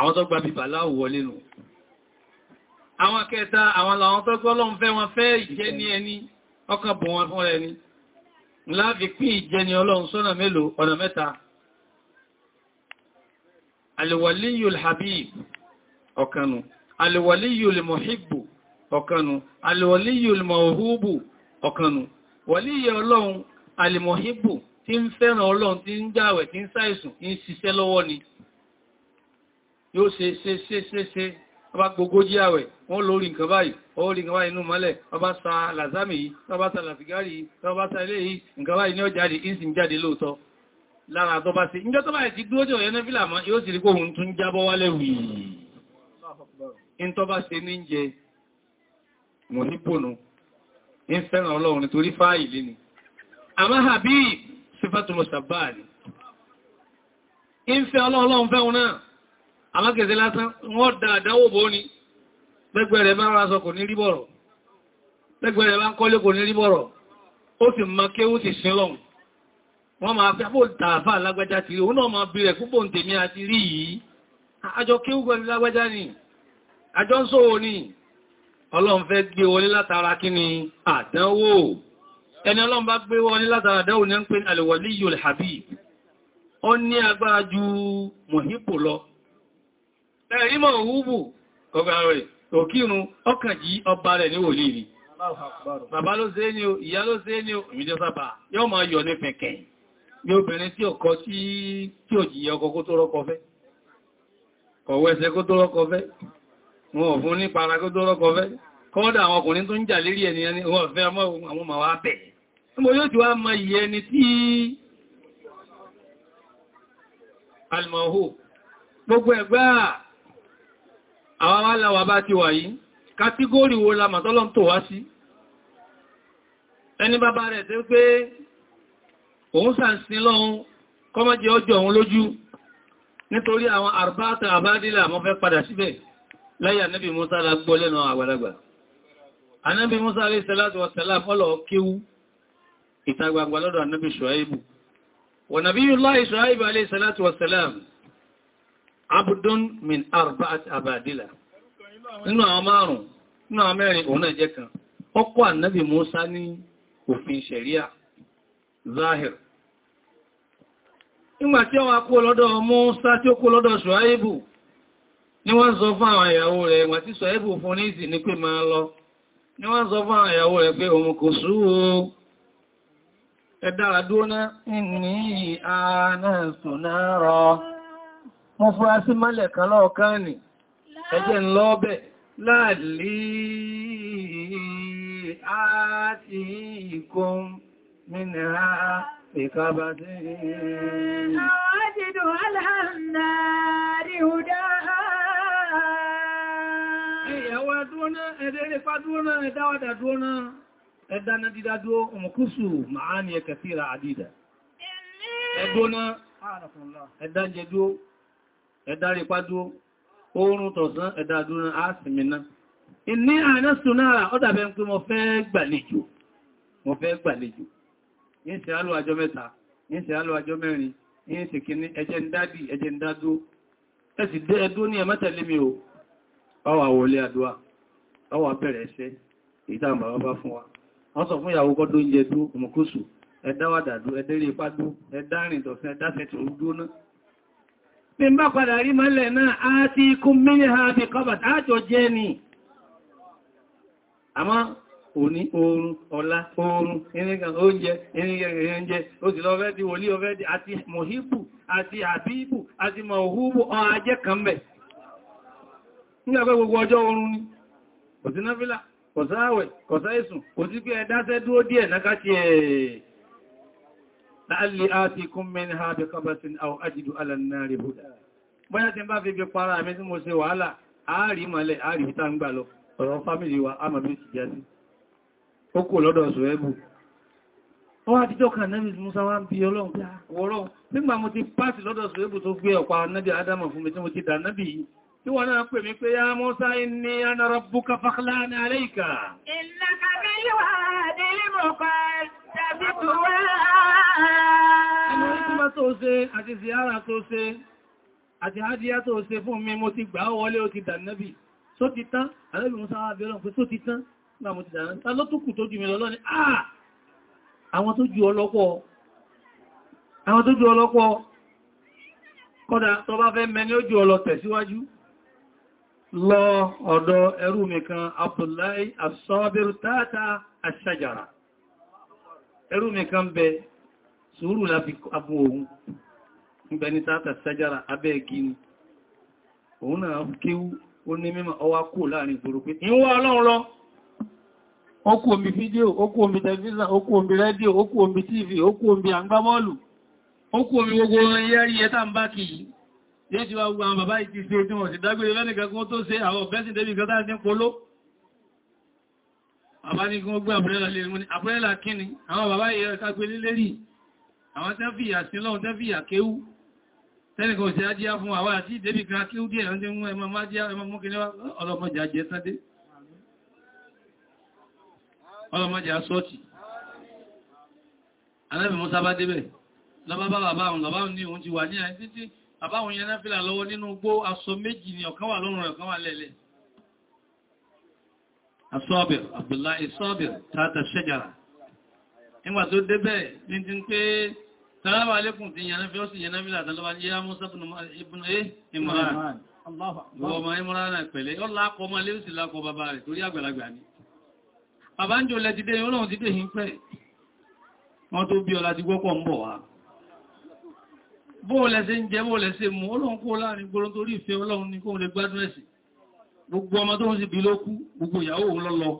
S2: àwọn tó gba bíbà láwọ̀ nínú àwọn kẹta àwọn làwọn tó gbọ́ lọ́n fẹ́ wọn fẹ́ ìjẹ́ ní ẹni ọkàn bọ̀ wọn fún ẹni láàfi pín ìjẹ́ ní ọlọ́run sọ́nà mélòó ọ̀nà mẹ́ta alìwàlíyùl habib ọ̀kanu alìwàlíyùl mọ̀híbù ọ̀kanu alìwàlíyùl mọ̀húbù ọ̀kanu wàlíyẹ ọlọ́run alìmọ̀híbù tí ń fẹ́ràn ọlọ́run tí ń gbààwẹ̀ yóò se se se se ọba gbogójí àwẹ̀ wọ́n lórí nǹkan báyìí orí nǹkan báyìí inú mọ́lẹ̀ ọba sa yìí ọba sa yìí ọba sa ilé yìí nǹkan báyìí ní ọjáde ìsìn jáde lóòtọ́ lára tó sí ìjọ tó báyìí ti dúró jẹ́ ọ̀yẹ́ mọ́ yóò sì rí tún jábọ́ wálẹ̀ àmákẹsẹ lásán wọ́n dá àdánwò bó ní pẹ́gbẹ̀rẹ̀ bá rásọ kò ní ríbọ̀rọ̀ pẹ́gbẹ̀rẹ̀ bá ń kọ́lé kò ní ríbọ̀rọ̀ ó sì ma kéwú sì sin lọ́hùn wọ́n máa fẹ́ bó tààfà lágbájá ti rí òun náà máa bí rẹ̀ púpọ̀ tèmi àti rí yìí àjọ kéwú pẹ̀lú lágbájá ni àjọ ó ní agbára ju muhibu lọ ìmọ̀ òwúbù ọgbà rẹ̀ òkírun ọkàn jí ọba rẹ̀ ní wòlí rí bàbá ló sé ní o ìyá ló sé ní o ìmìdí sábà yóò máa yọ ní pẹ̀kẹ̀ ní obìnrin tí ọkọ tí ò jìyà ọkọ kó tó rọ́kọ fẹ́ kọ̀wẹ́sẹ̀ kó tó rọ́kọ fẹ́ wọn ò fún ní para kó tó rọ́kọ fẹ́ kọ́dà àwọn ọkùnrin tó ń jà lérí ènìyàn ni wọ́n fẹ́ ọmọ àwọn ọmọ wa bẹ̀. mo yóò ti wá mọ iye ẹni tí alìmọ̀hù gbogbo ẹgbẹ́ àwọn aláwà bá ti wà yìí kátígórì wo la màtọ́lọ́m tó wá sí ẹni bàbá rẹ̀ tẹ́ pé òun sàǹsìn lọ́hun kọ́mọ́jẹ́ ọjọ́ òun lójú nítorí àwọn àrbáta àbádìlà mọ́ fẹ́ padà síbẹ̀ láyé anábì Musa la gbọ́ lẹ́nu àgbàlagbà anábì Musa alayhi salam fọ́lọ̀ kíwú ìta gbangba lọ́dọ̀ anábì Shuaibu wa nabiyullahi Shuaibu alayhi salatu salam abdun min arba'at abadila nínú àwọn márùn-ún nínú àwọn mẹ́rin òun náà jẹ́ kan ọkọ̀ Musa ní òfin sharia zahir nígbà tí wọ́n kó lọ́dọ̀ Musa tí ó kó lọ́dọ̀ Ṣuaibu ni wọ́n sọ fún àwọn ìyàwó rẹ̀ ìwà tí Ṣuaibu fún ní ní pé lọ ni wọ́n sọ fún àwọn ìyàwó rẹ̀ pé òun kò ní àánà sùn náà wọ́n fúra sí mọ́lẹ̀ kan lọ́ọ̀kán nì ẹjẹ́ ń lọ́ọ́bẹ̀ láàlì àti ìkún mínira ìkábàtí
S3: àwájìdò aláàrínàrí hùdá ẹ̀yàwó
S2: adúróná ẹ̀dẹ́rẹ́ fàdúróná ẹ̀dáwàdà dúróná ẹ̀dáná dídádó ọmọkúsù màá ní ẹkẹfíra àdídà ẹ̀dúróná ẹ̀dájẹ́dúró ẹ̀dárí pádúó oorun tọ̀sán ẹ̀dàdúnà áàsìmìná ìní àìnẹ́sùn náà ó dàbẹ́ pé mo fẹ́ gbàlejò mo fẹ́ gbàlejò ní ṣe alú àjọ mẹ́ta ní ṣe alú àjọ mẹ́rin ní ṣe kìíní ẹjẹ́ ń dádì ẹjẹ́ ń dádó ẹ̀sì dé ẹdó ní ẹmẹ́tẹ̀lé mi o ọwà wọlé àdúwà ọwà bẹ̀rẹ̀ ẹsẹ́ ìdáàmà bá bí n bá padà rí mọ́lẹ̀ náà á ti kún mínú ha bí kọbàtà àjọ jẹ́ ni àmọ́ òní oorun ọ̀la oorun ẹnìkan oúnjẹ ẹnìyànjẹ ó ti lọ fẹ́ di wòlí ọfẹ́ di àti mọ̀híbù àti àbíbù àti mọ̀húbù ọ ajẹ́ kan bẹ̀ nígbàgbẹ́ gbogbo ọjọ́ oorun ni kò sí náfílà kò sáàwẹ̀ kò sáìsùn kò sí pé ẹ̀dáṣẹ́ dúró díẹ̀ náà ká ti ẹ̀ẹ̀ لعلي آتيكم منها بقبس أو أجد على النار هدى bóyá tí ń bá fi bí para mi tí mo ṣe wàhálà ààrí mọ̀lẹ̀ ààrí ìta ń gbà lọ ọ̀rọ̀ fámílì wa a màbí ti jẹ́ sí ó kò lọ́dọ̀ ṣòẹ́bù ó tí wọ́n náà pè mí pé yá musa inni ana rabbuka fakhlana alayka
S3: innaka bil wadi al muqaddas
S2: Ẹnu ìtúbá tó ṣe àti ziyara tó ṣe àti hádíyá tó ṣe fún mi mo ti gbà wọlé ó ti dànẹ́bì. Só ti tán, àlẹ́bì Musa Abẹ́lọ́n pé só ti tán náà mo ti dànẹ́bì. Ta ló túkù tó jù mí lọ ní àà àwọn tó ju ọlọ́pọ̀. Àwọn tó ju ọlọ́pọ̀ kọ́dà tó bá fẹ́ mẹ́ ó ju ọlọ tẹ̀síwájú lọ ọ̀dọ̀ ẹrú mi kan Abdullahi Asọ́bẹ̀rù Tata Aṣajara. Ẹrú mi kan bẹ sùúrù láfi agun òun níbẹ̀ ní tààtà sájára abẹ́ igi ni òun náà kíwú ó ní mímọ̀ ọwá kò láàrin ìgboro pé ìwọ́ ọlọ́run lọ ó kú omi fídíò ó kú omi tẹlifíṣàn ó kú omi rédíò ó kú omi tv ó kú omi àgbámọ́ọ̀lù ó kú omi gbogbo ẹyẹ́rí ẹta ń bá kì í yé ti wá gbogbo àwọn bàbá ìtì sí ojú wọn sì dágbére lẹ́nìkan kún tó ṣe àwọn ọ̀bẹ́sìn débi kan táà ní polo bàbá ní kí wọ́n gbé àbúrẹ́là lè mú ní àbúrẹ́là kíni àwọn bàbá ìyẹ́ ká pé lílérí àwọn tẹ́ fìyà sí lọ́wọ́ tẹ́ fìyà kéwú tẹ́nìkan òṣèré ajíyá fún àwá àti ìdébì kan kéwú díẹ̀ ẹ̀rọ tí mú ẹmọ májíyá ẹmọ mú kìí ọlọ́mọdé ajẹ́ sáde ọlọ́mọdé asọ́ọ̀tì alẹ́bì mú sábá débẹ̀ lọ́bá bá bàbá àwọn lọ́bá ní òun ti wà ní àyí títí bàbá àwọn yẹn náfìlà lọ́wọ́ nínú gbó aṣọ méjì ni ọ̀kan wà lọ́rùn rẹ̀ kan wà lẹ́lẹ̀ asọ́bẹ̀ Abdullahi sọ́bẹ̀ tààtà ṣẹ́jàrà nígbà tó débẹ̀ ní ti ń pé sàrábà alékùn ti yànà fi ó sì yànà fi làtà lọ́wà yíya Musa ibn e Imran ọmọ Imran náà pẹ̀lẹ́ ó lákọ ọmọ ilé ó sì lákọ bàbá rẹ̀ torí àgbàlagbà ni bàbá ń jò lẹ ti dé Ọlọ́run ti dé yìí pẹ́ wọ́n tó bí ọlá ti gbọ́pọ̀ ń bọ̀ wá bóòlẹ̀ sí ń jẹ bóòlẹ̀ sí mú Ọlọ́run kó láàrin gbọ́rọ̀ torí ìfẹ́ Ọlọ́run ní kó lè gbogbo ọmọ tó ń sì bí ló kú gbogbo ìyàwó òun lọ́lọ́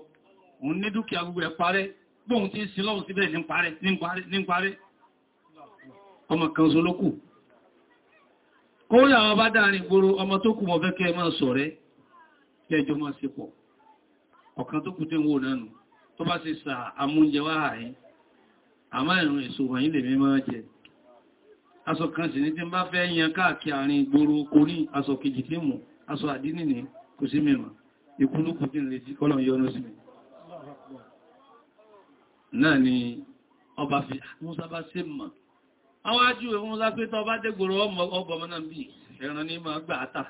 S2: òun ní dúkìá gbogbo ẹ̀ parẹ́ bóhun tí sí lọ́wọ́ síbẹ̀ ní ọmọ kan so lókù kó yà wọn bá dáàrin gbòrò ọmọ tó kù mọ̀ fẹ́ kẹ́ máa sọ rẹ̀ kẹjọ máa sí pọ̀ ọ̀kan tó kù tí wọ́n tó bá ti sà amúnjẹ wá àárín àmá ìrùn èso jẹ aṣọ kan sì ní tí bá fẹ́ yan káàkiri àárín orí náà ni ọba fi Musa bá ṣe mọ̀ àwọn ajíwẹ̀ Musa pé tọ bá dégbòrò ọgbọ̀ mọ́ náà bí ẹran ní ma gbà átà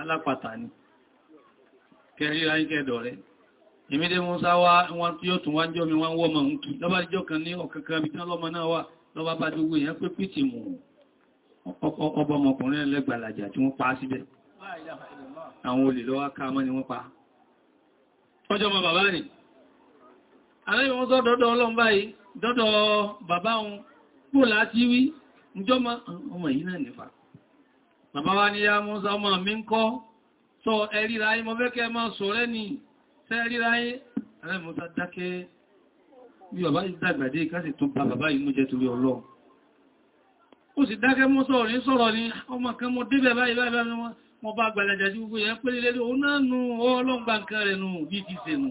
S2: alápàtà ni kẹrí ráyíkẹ́dọ̀ rẹ̀ ìmídé Musa wá wọn tí ó tún wá jọ́ mi wọ́n wọ́ mọ̀ ń kí lọ́bá jọ́ kan ní ọ̀kankan bí tán lọ́mọ náà wà lọ́bá bá gbogbo èèyàn pé pìtì mù ọba ọmọkùnrin ẹlẹ́gbàlajà tí wọ́n pa síbẹ̀ àwọn olè lọ́wọ́ ká ọjọ́ mọ bàbá rìn àrẹ́bí wọ́n sọ dọ́dọ̀ ọlọ́run báyìí dọ́dọ̀ bàbá wọn kú láti wí ìjọmọ́ ọmọ yìí náà nìfà bàbá wa ní ya mọ́ sọmọ mi ń kọ́ sọ ẹ̀ríra yìí mọ́ fẹ́kẹ́ mọ́ sọ̀rẹ́ ni sẹ́ríra yìí àrẹ́bí wọ́n sọ dákẹ́ bí bàbá yìí dàgbàdé kásì tún pa bàbá yìí mú jẹ torí ọlọ́run ó sì dákẹ́ mọ́ sọ̀rọ̀ ní sọ̀rọ̀ ní ọmọ kan mọ́ débẹ̀ báyìí báyìí mo bá gbàlẹ̀jà sí gbogbo yẹn pẹ́lẹ̀ lẹ́lẹ́ òun náà nù ọlọ́gbà nǹkan rẹ̀ nù bí kìí ṣe nù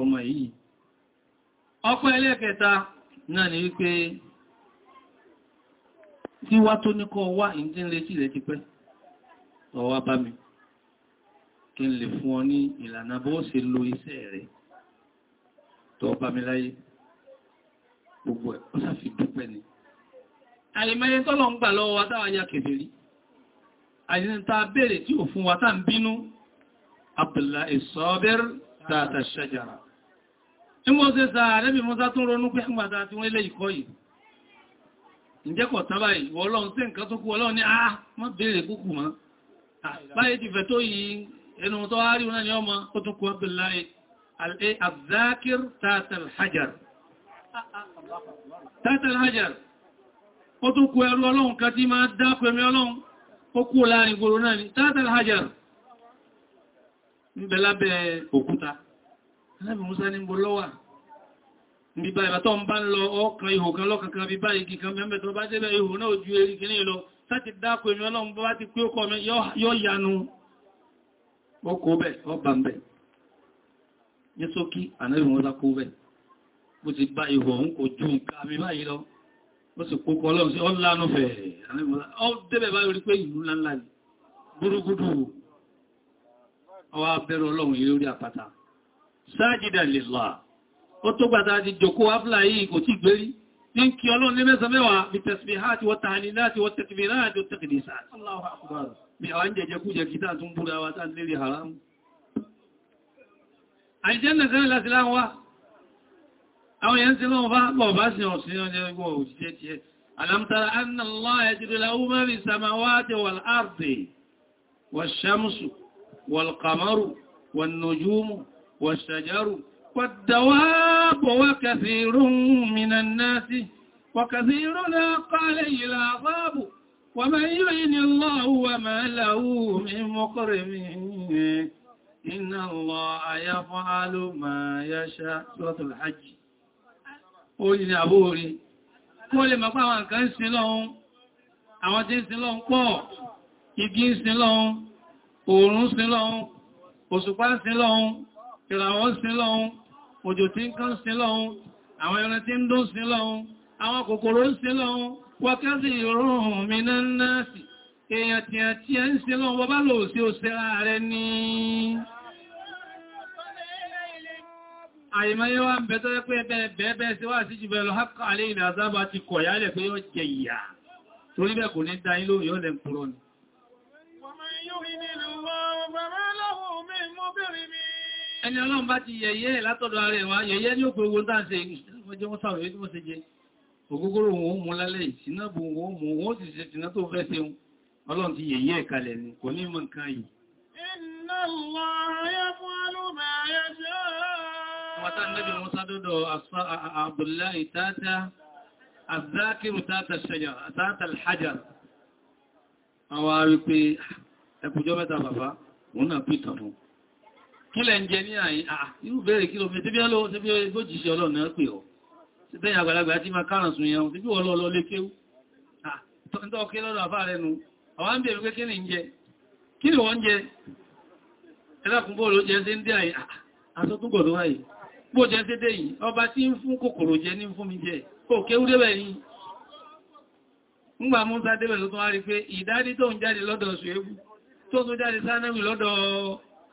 S2: ọmọ yìí ọpọ̀ ẹlẹ́kẹta náà ni wípé tí wá tó ní kọ́ wá ìdínlẹ̀ sí ilẹ̀ ti pẹ́ ọwá bá mi kí n lè fún ọ ní ìlànà bó ṣe lo iṣẹ́ rẹ̀ tó bá mi láyé gbogbo ẹ̀ ó sáfi dúpẹ́ ni àìmọye tọ́lọ ń gbà lọ́wọ́ wa táwà ya kèfèrí àìsìn bèèrè tí ò fún wa tá ń bínú Abdullahi Sabir tààtà ṣẹjàrà. Tí mo ṣe sáà rẹ́bì Musa tún ronú pé àgbàtà tí wọ́n lè ìkọ́ yìí. Ìjẹ́kọ̀ tábà ìwọ ọlọ́run sí nǹkan tó kú ọlọ́run ní àá ah, mọ́ bèèrè kúkù ah, mọ́. Báyé ti fẹ̀ tó yìí ẹnu tó wá rí náà ni ọmọ ó tún kú Abdullahi ń bẹ lábẹ́ òkúta alábì Musa ní bó lọ́wà bíbá ìbátọ́ ń bá ń lọ ọkàn ihò kan lọ́kankan bíbá igi kan mẹ́mẹ́ tó bá débẹ̀ ihò náà ju eri kìíní lọ láti dákò èmi ọlọ́run bá ti pé ó kọ́ mi yọ yanu ọkọ̀ bẹ̀ ọba ń bẹ̀ ní sókí ànábì Musa kó bẹ̀ ọwá bẹ̀rẹ̀ ọlọ́run yìí lórí àpáta sáàjìdà lillah ó tó gbàtà ti jòkó áfìlà yìí kò tí gbérí ní kí ọlọ́run ní mẹ́sàn mẹ́wàá bí tasbihati wa tahlilati wa takbirati wa taqdisati Allahu akbar bí àwọn jẹjẹ kú jẹ kìtà tún búra wa tá lérí haram àìjẹ́nà kan láti láwá àwọn èèyàn sí lọ́wọ́ bọ̀ bá sí ọ̀sìn ọjọ́ ìgbọ̀ òṣìṣẹ́ tiẹ̀ alam tara anna Allaha yajri lahu ma fi samawati wal ardi wash-shamsu والقمر والنجوم والشجر والدواب وكثير من الناس وكثير لاقى عليه العذاب ومن يعن الله وما له من مقرم إن الله يفعل ما يشاء سورة الحج orí ni àbó orí wọ́n lè mọ̀pá àwọn nǹkan ń sin lọ́hun òòrùn sí lọ́hun òṣùpá sí lọ́hun ìràwọ̀ sí lọ́hun òjò tí ń kán sí lọ́hun àwọn ẹran tí ń dún sí lọ́hun àwọn kòkòrò sí lọ́hun wákàtí ìrọ̀rùn mi náà sí èèyàn tí a tí a ń sí lọ́hun bọ́bá lò sí òṣèrà rẹ ní àìmáyé wá ń bẹ̀tọ́ pé bẹ́ẹ̀bẹ́ sí wá sí jùbẹ̀ lọ hákà alẹ́ ìrìn àzábà ti kọ̀ yálẹ̀ pé yóò jẹ ìyà torí bẹ́ẹ̀ ẹni ọlọ́run bá ti yẹ̀yẹ́ látọ̀dọ̀ ara ẹ̀wà yẹ̀yẹ́ ní òkú owó dáńsẹ̀ ìgbẹ̀jẹ́ wọ́n sàwẹ̀ tí wọ́n ṣe jẹ ògógóró wọn ó mú lálẹ́ ìsìná bú wọn ó mú wọn ó sì ṣe tìná tó fẹ́ ṣe ọlọ́run ti yẹ̀yẹ́ ẹ̀kalẹ̀ ni kò ní mọ̀ nǹkan yìí
S1: Inna Allah yaf'alu ma yasha.
S2: Wọ́n tá níbi Musa dọ́dọ̀ Abdullahi tata, Azakiru tata shajar, tata alhajar. Àwọn arí pé ah, ẹkùjọ mẹ́ta bàbá, wọ́n náà pìtàn fún kílẹ̀ ń jẹ ní àyín ah, irú bẹ̀rẹ̀ kí ló fi tíbí ọlọ́wọ́ tíbí ogójìṣẹ́ ọlọ́run náà pè ọ́ tí bẹ́yìn àgbàlagbà tí máa kárùn sún yẹun tíbí ọlọ́lọ́ lé kéwú ah, tọ́ọ̀kí lọ́dọ̀ àfá rẹ̀ nu àwọn ń bèèrè pé kí ni ń jẹ kí ni wọ́n jẹ ẹlákùnbó ló jẹ sí ń dé àyín àtọ́kùngbọ̀ ah, tó wáyé bó jẹ sí dé yìí ọba tí ń fún kòkòrò jẹ ní fún mi jẹ kò kéwú débẹ̀ yìí ńgbà mú sá débẹ̀ ló tún wá rí pé ìdárí tó ń jáde lọ́dọ̀ ṣùgbọ́n tó tún jáde sánáwì lọ́dọ̀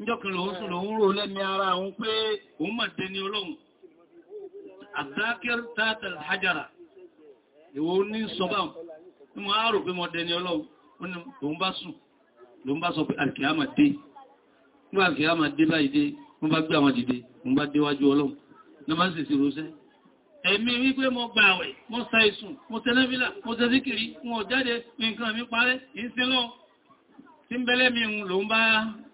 S2: níjọ́kìnrin òun sùn lòun rò lẹ́mí ara òun pé òun mọ̀ dẹni olóhun àdákẹ́rù tààtàl hajjara ìwò ní sọ́bàm ní mọ́ àrò pé mọ́ dẹni olóhun òun bá sùn lòun bá sọ pé alkiyama dé nígbà alkiyama dé báyìí dé wọ́n bá gbé àwọn dìde wọ́n bá déwájú olóhun ní máa ń ẹ̀mí wípé mo gbà àwẹ̀ mo sa ìsùn mo tẹ́lẹ́fílà mo tẹ́síkiri mo jáde nǹkan mi parẹ́ ìsinlọ́ tí ń bẹ́lẹ́ mi ń lòun bá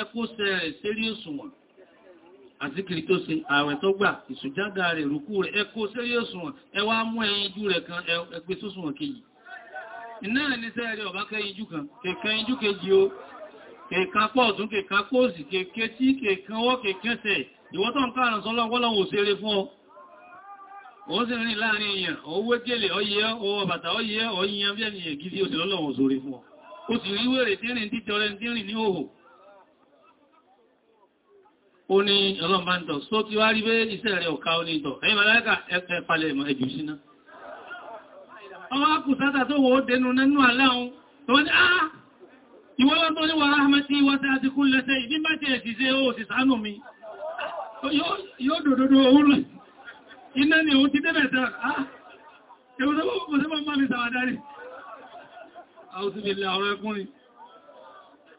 S2: ẹkúṣẹ́ rẹ̀ sérí òṣùwọ̀n àzíkiri tó ṣe ààwẹ̀ tó gbà ìṣùjága rẹ̀ rùkú rẹ̀ ẹkú òṣùwọ̀n ẹwà mú ẹyinjú rẹ̀ kan ẹgbẹ́ sóṣùwọ̀n kejì iná ọ̀bá kẹyinjú kan kẹkẹyinjú kejì ọ sì rìn láàrin èèyàn owó gẹ́lẹ̀ ọyẹ́ ọwọ́ bàtà ọyẹ́ bí gidi òṣèlọ́lọ́wọ́ òṣèré fún ọ O sì rí wèrè tí rìn títọrẹ tí rìn ní òhò ó ní ọlọ́mbà ń tọ̀ só ti wá rí pé iṣẹ́ rẹ̀ ọ̀ká ó ní ìtọ̀ ẹ̀yìn màláíkà ẹ̀fẹ́ palẹ̀ ìmọ̀ ẹjù síná ọwọ́ kùsátà tó wò ó dẹnu nínú aláhun tó ní àá ìwọ́lọ́ tó ní wàrá ahmadi wáṣẹ́ àti kún lẹ́sẹ̀ ìdí bá ti ẹ̀sì ṣe ó sì sánú mi yóò dòdòdó òwúrùn iná ni òun ti débẹ̀ tẹ́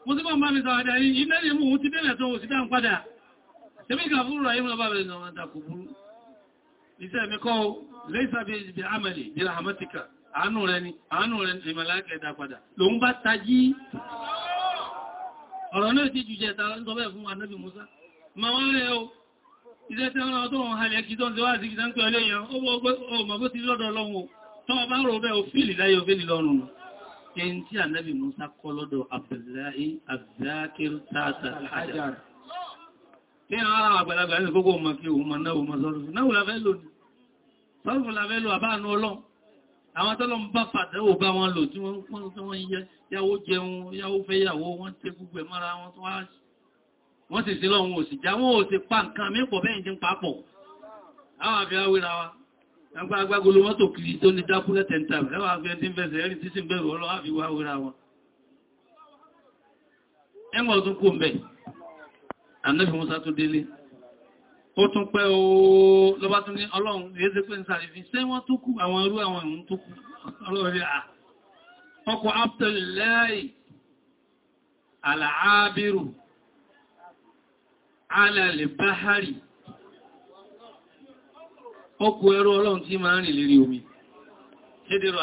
S2: Mo sí máa ń bá mi sàwádà yìí, iná ni mú òun ti débẹ̀ tó òsìdá ń padà. Ṣébíkà fún ìrọ̀ ìmọ̀ bá bẹ̀rẹ̀ náà dàkù burú. Iṣẹ́ mi kọ́ lẹ́sà bí àmàlì bí rahamatika, àánú rẹ ni, àánú rẹ ni mẹ́láàkẹ́ dápadà. Lòun bá tají. Ọ̀rọ̀ náà ti jùjẹ tààrà ń sọ bẹ́ẹ̀ fún Anábì Musa. Ma wọ́n rẹ̀ o, iṣẹ́ tí wọ́n tó wọn halẹ̀ kí tó ń ṣe wá sí kí sáńpẹ́ ọlẹ́yàn, ó mọ̀ bó ti lọ́dọ̀ Ọlọ́run o, ní àwọn àgbàlagbà ní gbogbo ọmọ kí òun ma náà ma sọ́rọ̀ náà láfẹ́ lò ní sọ́rọ̀ láfẹ́ lò àbáànú ọlọ́run àwọn tọ́lọ ń bá fàtẹ́wò bá wọn lò tí wọ́n yáwó jẹun yáwó fẹ́ yàwó wọ́n tẹ́ gbogbo ẹ̀mọ́ra wọn tó wọ́n sì sí lọ́wọ́n òsì já wọ́n ò sì pa nǹkan mípọ̀ bẹ́ẹ̀ jẹ́ papọ̀ àwọn àfi awéra wa ẹgbẹ́ agbágolo mọ́tò kiri tó ní dákúlẹ̀ tẹ́ntà ẹwà àfi ẹni tí ń bẹ̀sẹ̀ ẹni tí sì ń bẹ̀rù ọlọ́ àfi wá wéra wọn ẹwọ̀n tún kò mẹ́ ànábì Mùsá tó délé ó tún pẹ́ oó ló bá tún ní ọlọ́run léèzé pé ń sàrí fi ṣé wọ́n tó kú àwọn irú àwọn ìrùn tó kú ọlọ́rẹ́ à ọkọ̀ abdullahi alaabiru alalibahari ọkọ̀ ẹrọ ọlọ́run tí máa rìn lérí omi ṣédèrò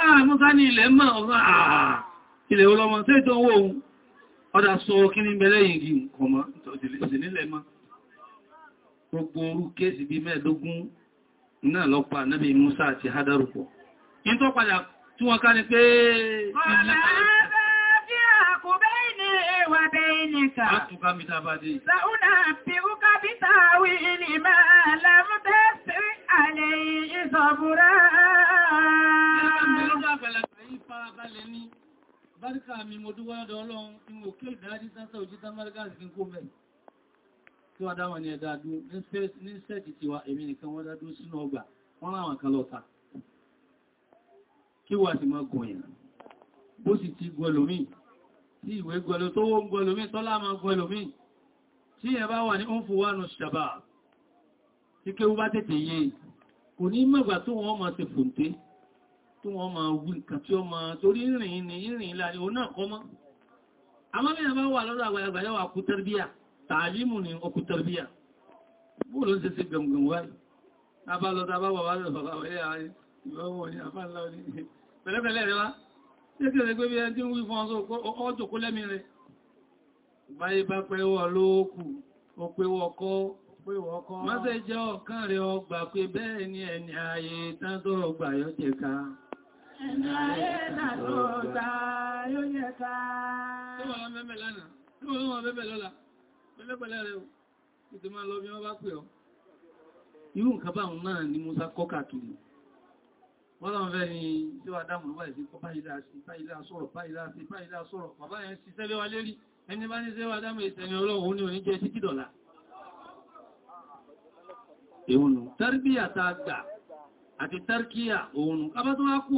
S2: Ah, Musa ní ilẹ̀ mọ́ ọ̀gá ah, ilẹ̀ olọ́mọ tí ètò owó ohun ọdá sọ kí ní bẹ̀lẹ̀ yìí kọmọ ìtọ̀jìlẹ̀sì nílẹ̀ mọ́ gbogbo orú kéèsì bí mẹ́ẹ̀dógún náà lọ́pàá náàbí Musa àti Hadaru pọ̀ in tó padà tí wọ́n ká ní pé
S3: Ìjọba
S2: Báríkà mi mo dúwọ́ lọ́dọ̀ ọlọ́run tí mo kí ìdájí sánsá òjítà Márìkà sí kó mẹ́. Tí wọ́n dáwọn ni ẹ̀dá dú ní sẹ́ẹ̀tì tí wa èmi nìkan wọ́n dádú sínú ọgbà wọ́n láwọn kan lọ́ta. Kí wà sí mọ́ gùnyàn? Bó sì ti gbọ́lómí, tí ìwé gbọ́ló tó wó gbọ́lómí tọ́lá máa gbọ́lómí, tí ẹ bá wà ní ó ń fòwánù ṣàbà, tí kéwú bá tètè yé, kò ní mẹ́gbà tó wọ́n máa ti fòǹté kí wọ́n máa wí nǹkan tí ó máa torí ìrìn ní ìrìn láàrin òun náà kọ́ mọ́. amọ́lẹ́yìn bá wà lọ́dọ̀ àgbàlagbà yóò wà kú tẹ́rbíyà tààlímù ní ọkù tẹ́rbíyà bó ló ń ṣe sí gbẹ̀mgbẹ̀m wáyìí abálọ́dọ̀ abáwọ̀ wà lọ́dọ̀ bàbá wẹ́lẹ́ àárín ìwọ̀n ní àfáàlá orí pẹ̀lẹ́pẹ̀lẹ́ rẹ wá Ìkẹ̀rẹ̀ pé bí ẹni tí ń wí fún ọjọ́ kó lẹ́mí mọ́sẹ̀ jẹ́ ọ̀kan rẹ̀ ọgbà pé bẹ́ẹ̀ ni ẹni ààyè tán tó ọgbà yọ́ jẹ́ ká. Ìnáyé náà tó tàà yóò yẹ tàà. Tí wọ́n lọ mẹ́mẹ́ lánàá, tí wọ́n lọ mẹ́mẹ́ nǹkan bá wọn náà ni Musa kọ́ kàkiri. Wọ́n lọ fẹ́ ni tí wà dámù lọ́wọ́ ìsìn kọ́ báyìí láti, báyìí láti sọ̀rọ̀, báyìí láti, báyìí láti sọ̀rọ̀, bàbá yẹn ti sẹ́lẹ̀ wa lérí, ẹni bá ní sẹ́wà dámù ìsẹ̀ni ọlọ́run ní oníjẹ́ àti tarkiya oòrùn kábá tó wá kú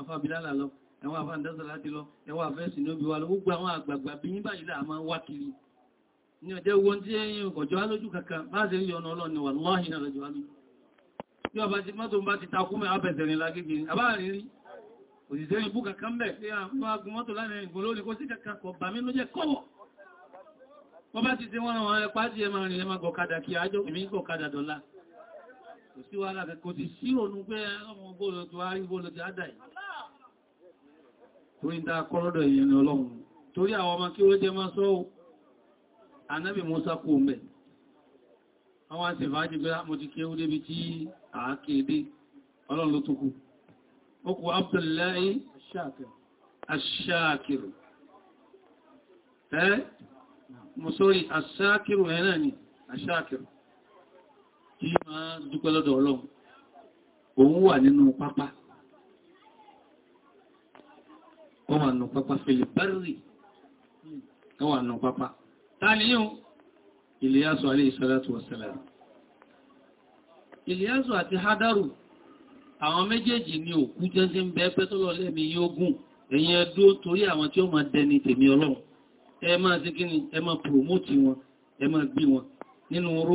S2: àfàbìlálà lọ ẹwà àfàndásà láti lọ ẹwà àfẹ́sì ní obì wa lọ gbogbo àwọn àgbàgbà bí ní báyìí láà máa wá kiri ní ọjẹ́ owó tí ẹyìn ọjọ́ alójú kankan bá ṣe rí ọ̀nà ọlọ́ni wà lọ́hìn náà lọ́jọ́ alójú tí ọba ti mọ́tò bá ti takú mẹ́ abẹ̀sẹ̀rin lágbègbè àbáàrin rí òṣìṣẹ́ ibú kankan bẹ̀ pé àwọn agun kò sí wá láti kò ti sí ònú pé ọmọ bóòlò tó wá rí bóòlò ti ádà yìí torí dá kọ́rọ̀dọ̀ èèyàn ni ọlọ́run torí àwọn ọmọ kí ó jẹ máa sọ́ anábì Musa kú mẹ́ àwọn àti fàájì pé ah, mo ti kéwú débi tí àákéde ọlọ́run ló tókù ó Abdullahi aṣáàkìrù yí máa dúpẹ́ lọ́dọ̀ ọlọ́run òun wà nínú pápá wọ́n wà nù pápá filibari wọ́n wà nù pápá tàníyàn Ìlíyásù alayhi salatu wassalam Ìlíyásù àti hadaru àwọn méjèèjì ni òkú jẹ́ sí ń bẹ́ pẹ́ tó lọ́lẹ́ mi yóò gùn ẹ̀yin ẹdó torí àwọn tí ni ẹ máa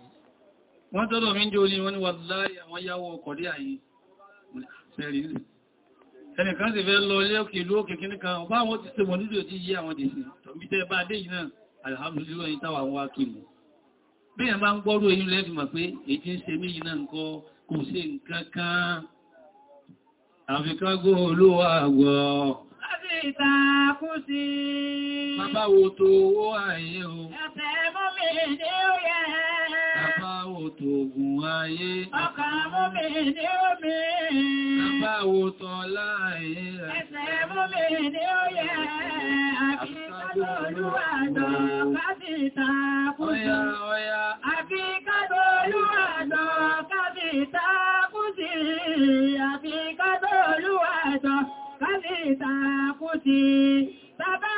S2: wọ́n tọ́lọ̀ mi ń jẹ́ olí wọn ni wà láàrí àwọn yáwó ọkọ̀ dí àyí ẹnìkan sì fẹ́ lọ ilé ìlú òkè kìíní kan ọba àwọn ti ṣe mọ̀ nílò tí yí àwọn dèsì alhamdulillah bàbá
S3: wo tó owó àyè o ẹ̀fẹ̀ mọ́ mi ní ó yẹ
S2: wo tògùn ayé. Ọkà
S3: mú mi ní omi. Bàbá wo tọ́lá
S2: ayé. Ẹsẹ̀
S3: mú mi ní oyẹ. Àbí kádò olúwàdọ̀ káfíta kúsì. Àbí kádò olúwàdọ̀ káfíta kúsì. Àbí olúwàdọ̀ káfíta kúsì. Bàbá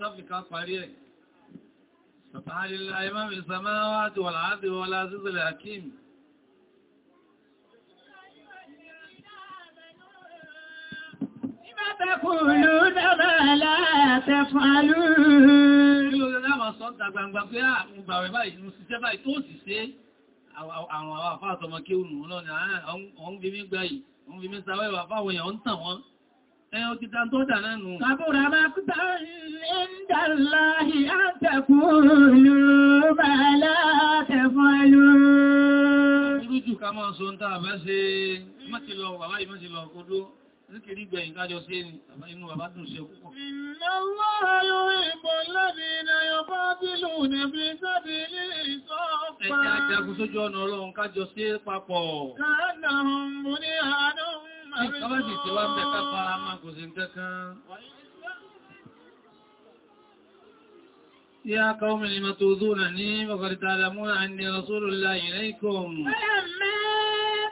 S2: sáfíkà parí ẹ̀ sàtàlélà imáàmì samáwàtí wà láàáti wọ́n lásìsìlẹ̀ hakim Tẹ́kùnlú àwọn àwọn àfáàtọmọ kí òun náà ni àwọn bí mí gbáyìí, àwọn bí mí sáwẹ́ ìwà fáwọn èèyàn ń tàn wọ́n. Kàbúrà máa kúta
S3: ìndà láàáhì á tẹ̀kùnlú máa látẹ̀fọ́lú. Irújù
S2: ká máa sọ ń tàà bá ṣe mọ́tìlọ bàbá ìmọ́tìlọ kòdó nítorí gbẹ̀yìn kájọ Inna
S1: Allaha yuhibbu alladhina yuqatiluna
S2: fi sabilihi
S1: saffan. Ẹja ajagun
S2: sójú ọ̀nà Ọlọ́run kájọ sí papọ̀.
S1: Ka'annahum bunyanun
S2: Ìjọba sì ti wá ń bẹ̀ ká fara máa kò sí ń kankan. يا قوم لم تؤذونني وقد تعلمون أني رسول الله إليكم
S3: فلما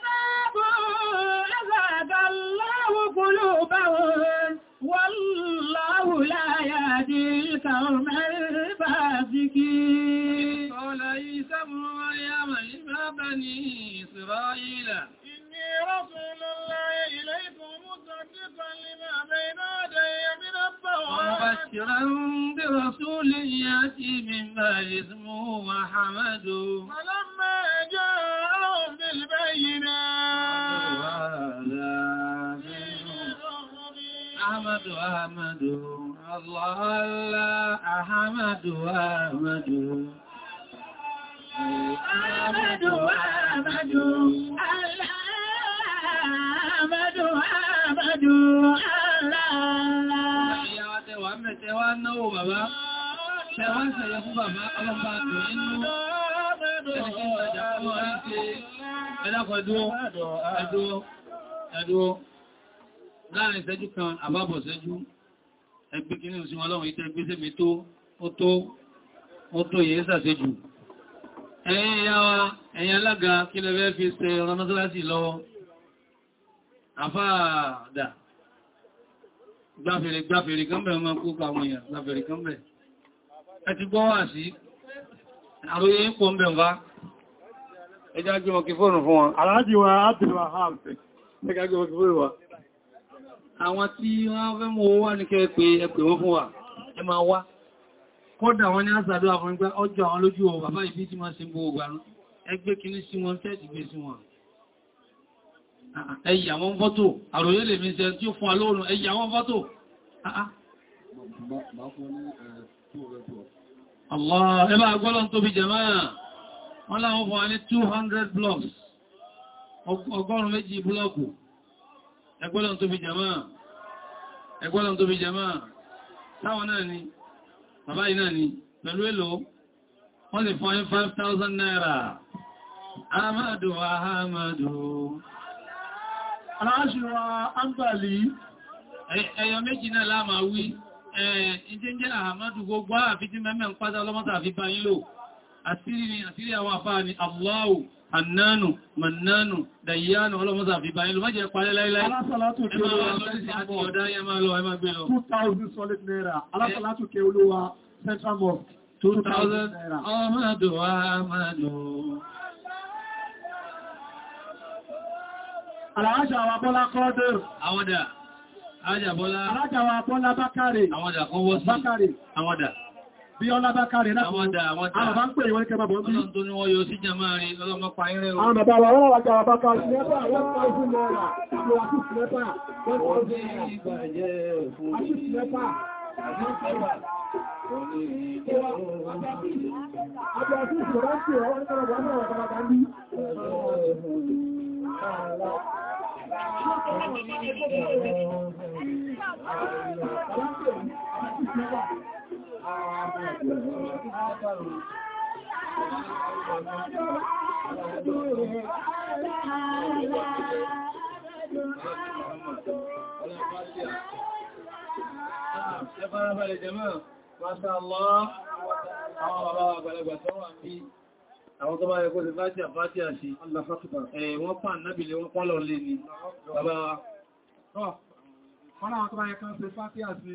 S3: ذاقوا أذاب الله قلوبهم والله لا يهدي القوم الفاسقين
S2: قال عيسى ابن مريم يا بني إسرائيل إني رسول بشرا برسول ياتي من بعد اسمه محمد فلما جاء بالبينات أحمد أحمد الله
S3: أحمد أحمد أحمد أحمد أحمد الله
S2: Muhammad tẹwà náwó bàbá, tẹwà ń sẹ̀yẹ fún bàbá ọlọ́pàá ìrìnú,
S3: ẹ̀dẹ́kùn ìtajà fún ọ̀rẹ́ ṣe, ẹ̀dàkọ̀ ẹ̀dúwọ́, ẹ̀dúwọ́,
S2: ẹ̀dúwọ́, láàrin ìṣẹ́jú kan àbábọ̀ ìṣẹ́jú, ẹgbẹ́ kìíní òsìn ọlọ́run ìtẹ́ gbé sí mi tó, ó tó, ó tó yẹ sàṣejù. Ẹ̀yin ìyá wa, ẹ̀yin alága kí lẹ fẹ́ fi ṣe ọ̀rọ̀ mọ́sálásì lọ́wọ́. Àfáàdà gbáfèrè gbáfèrè kan bẹ̀rẹ̀ máa kópa àwọn èèyàn gbáfèrè kan bẹ̀. ẹ ti gbọ́ wà sí àròyé ipò ń bẹ̀ ń bá ẹjá gbé wọn kí fóònù fún wọn aláàjì wa ábìlwà hàbì ẹjá gbé wọn kí fóònù wa ẹgbẹ́ kìíní sí wọn tẹ́ẹ̀tì gbé sí wọn ẹ̀yà wọn fọ́tò àròyé lè mi ṣe tí ó fún alóòrùn ẹ̀yà wọn fọ́tò Allah ẹbá agbọ́lọ́n tóbi jẹmáà wọ́n láwọn fún wa ní 200 blocks ọgọ́rùn méjì búlọ́kù ẹgbọ́lọ́n tóbi jẹmáà ẹgbọ́lọ́n tóbi jẹmáà táwọn náà ni bàbá yìí náà ni pẹ̀lú èlò wọ́n lè fún wa ní 5,000 naira Amadu Ahamadu aláṣíwá ámbàlì ẹ̀yọ méjì náà láàmà wí ẹ̀ẹ́jẹ́ àmàdù gbogbo àfi tí mẹ́mẹ́ ń pátá ọlọ́mọ́ta àfi bá ń lò ni àṣírí àwọn afáà ni Allahu annanu mannanu dayyanu ọlọ́mọ́ta àfi bá ń lò májẹ̀ parẹ́ central mosque 2000 ọmọdù wa Alájà wa Bọ́lá Kọ́dùrù. Àwọ́dà. Alájà wa Bọ́lá Bákàrè. Àwọ́dà kan wọ́ sí. Bákàrè. Àwọ́dà. Bí ọlá Bákàrè náà. Àwọ́dà. Àwọ́dà. Àwọn bá ń pè ìwọ́n kẹba bọ̀ ń bí. Ọlọ́run tó ní wọ́n yóò sí jẹ́ máa rí lọ́lọ́mọ́ pa irẹ́ o. Àwọn bàbá wa wọ́n wà
S1: jà Bákàrè. Lẹ́bà wọ́n pa ìfún mọ́ra. Ìwà
S3: kú sí lẹ́bà. Wọ́n ti ìgbàjẹ́ fún. A kú sí lẹ́bà.
S4: Àjọ́ Ṣẹ́fẹ́
S2: rẹ̀ jẹ́mọ́, Masha Allah, àwọn bàbá àgbàlagbà tó wà ní àwọn tó bá yẹ kó ṣe fàtíà fàtíà ṣe wọ́n pàn nábìlẹ̀ wọ́n pọ́lọ̀ lè ní bàbá
S1: wa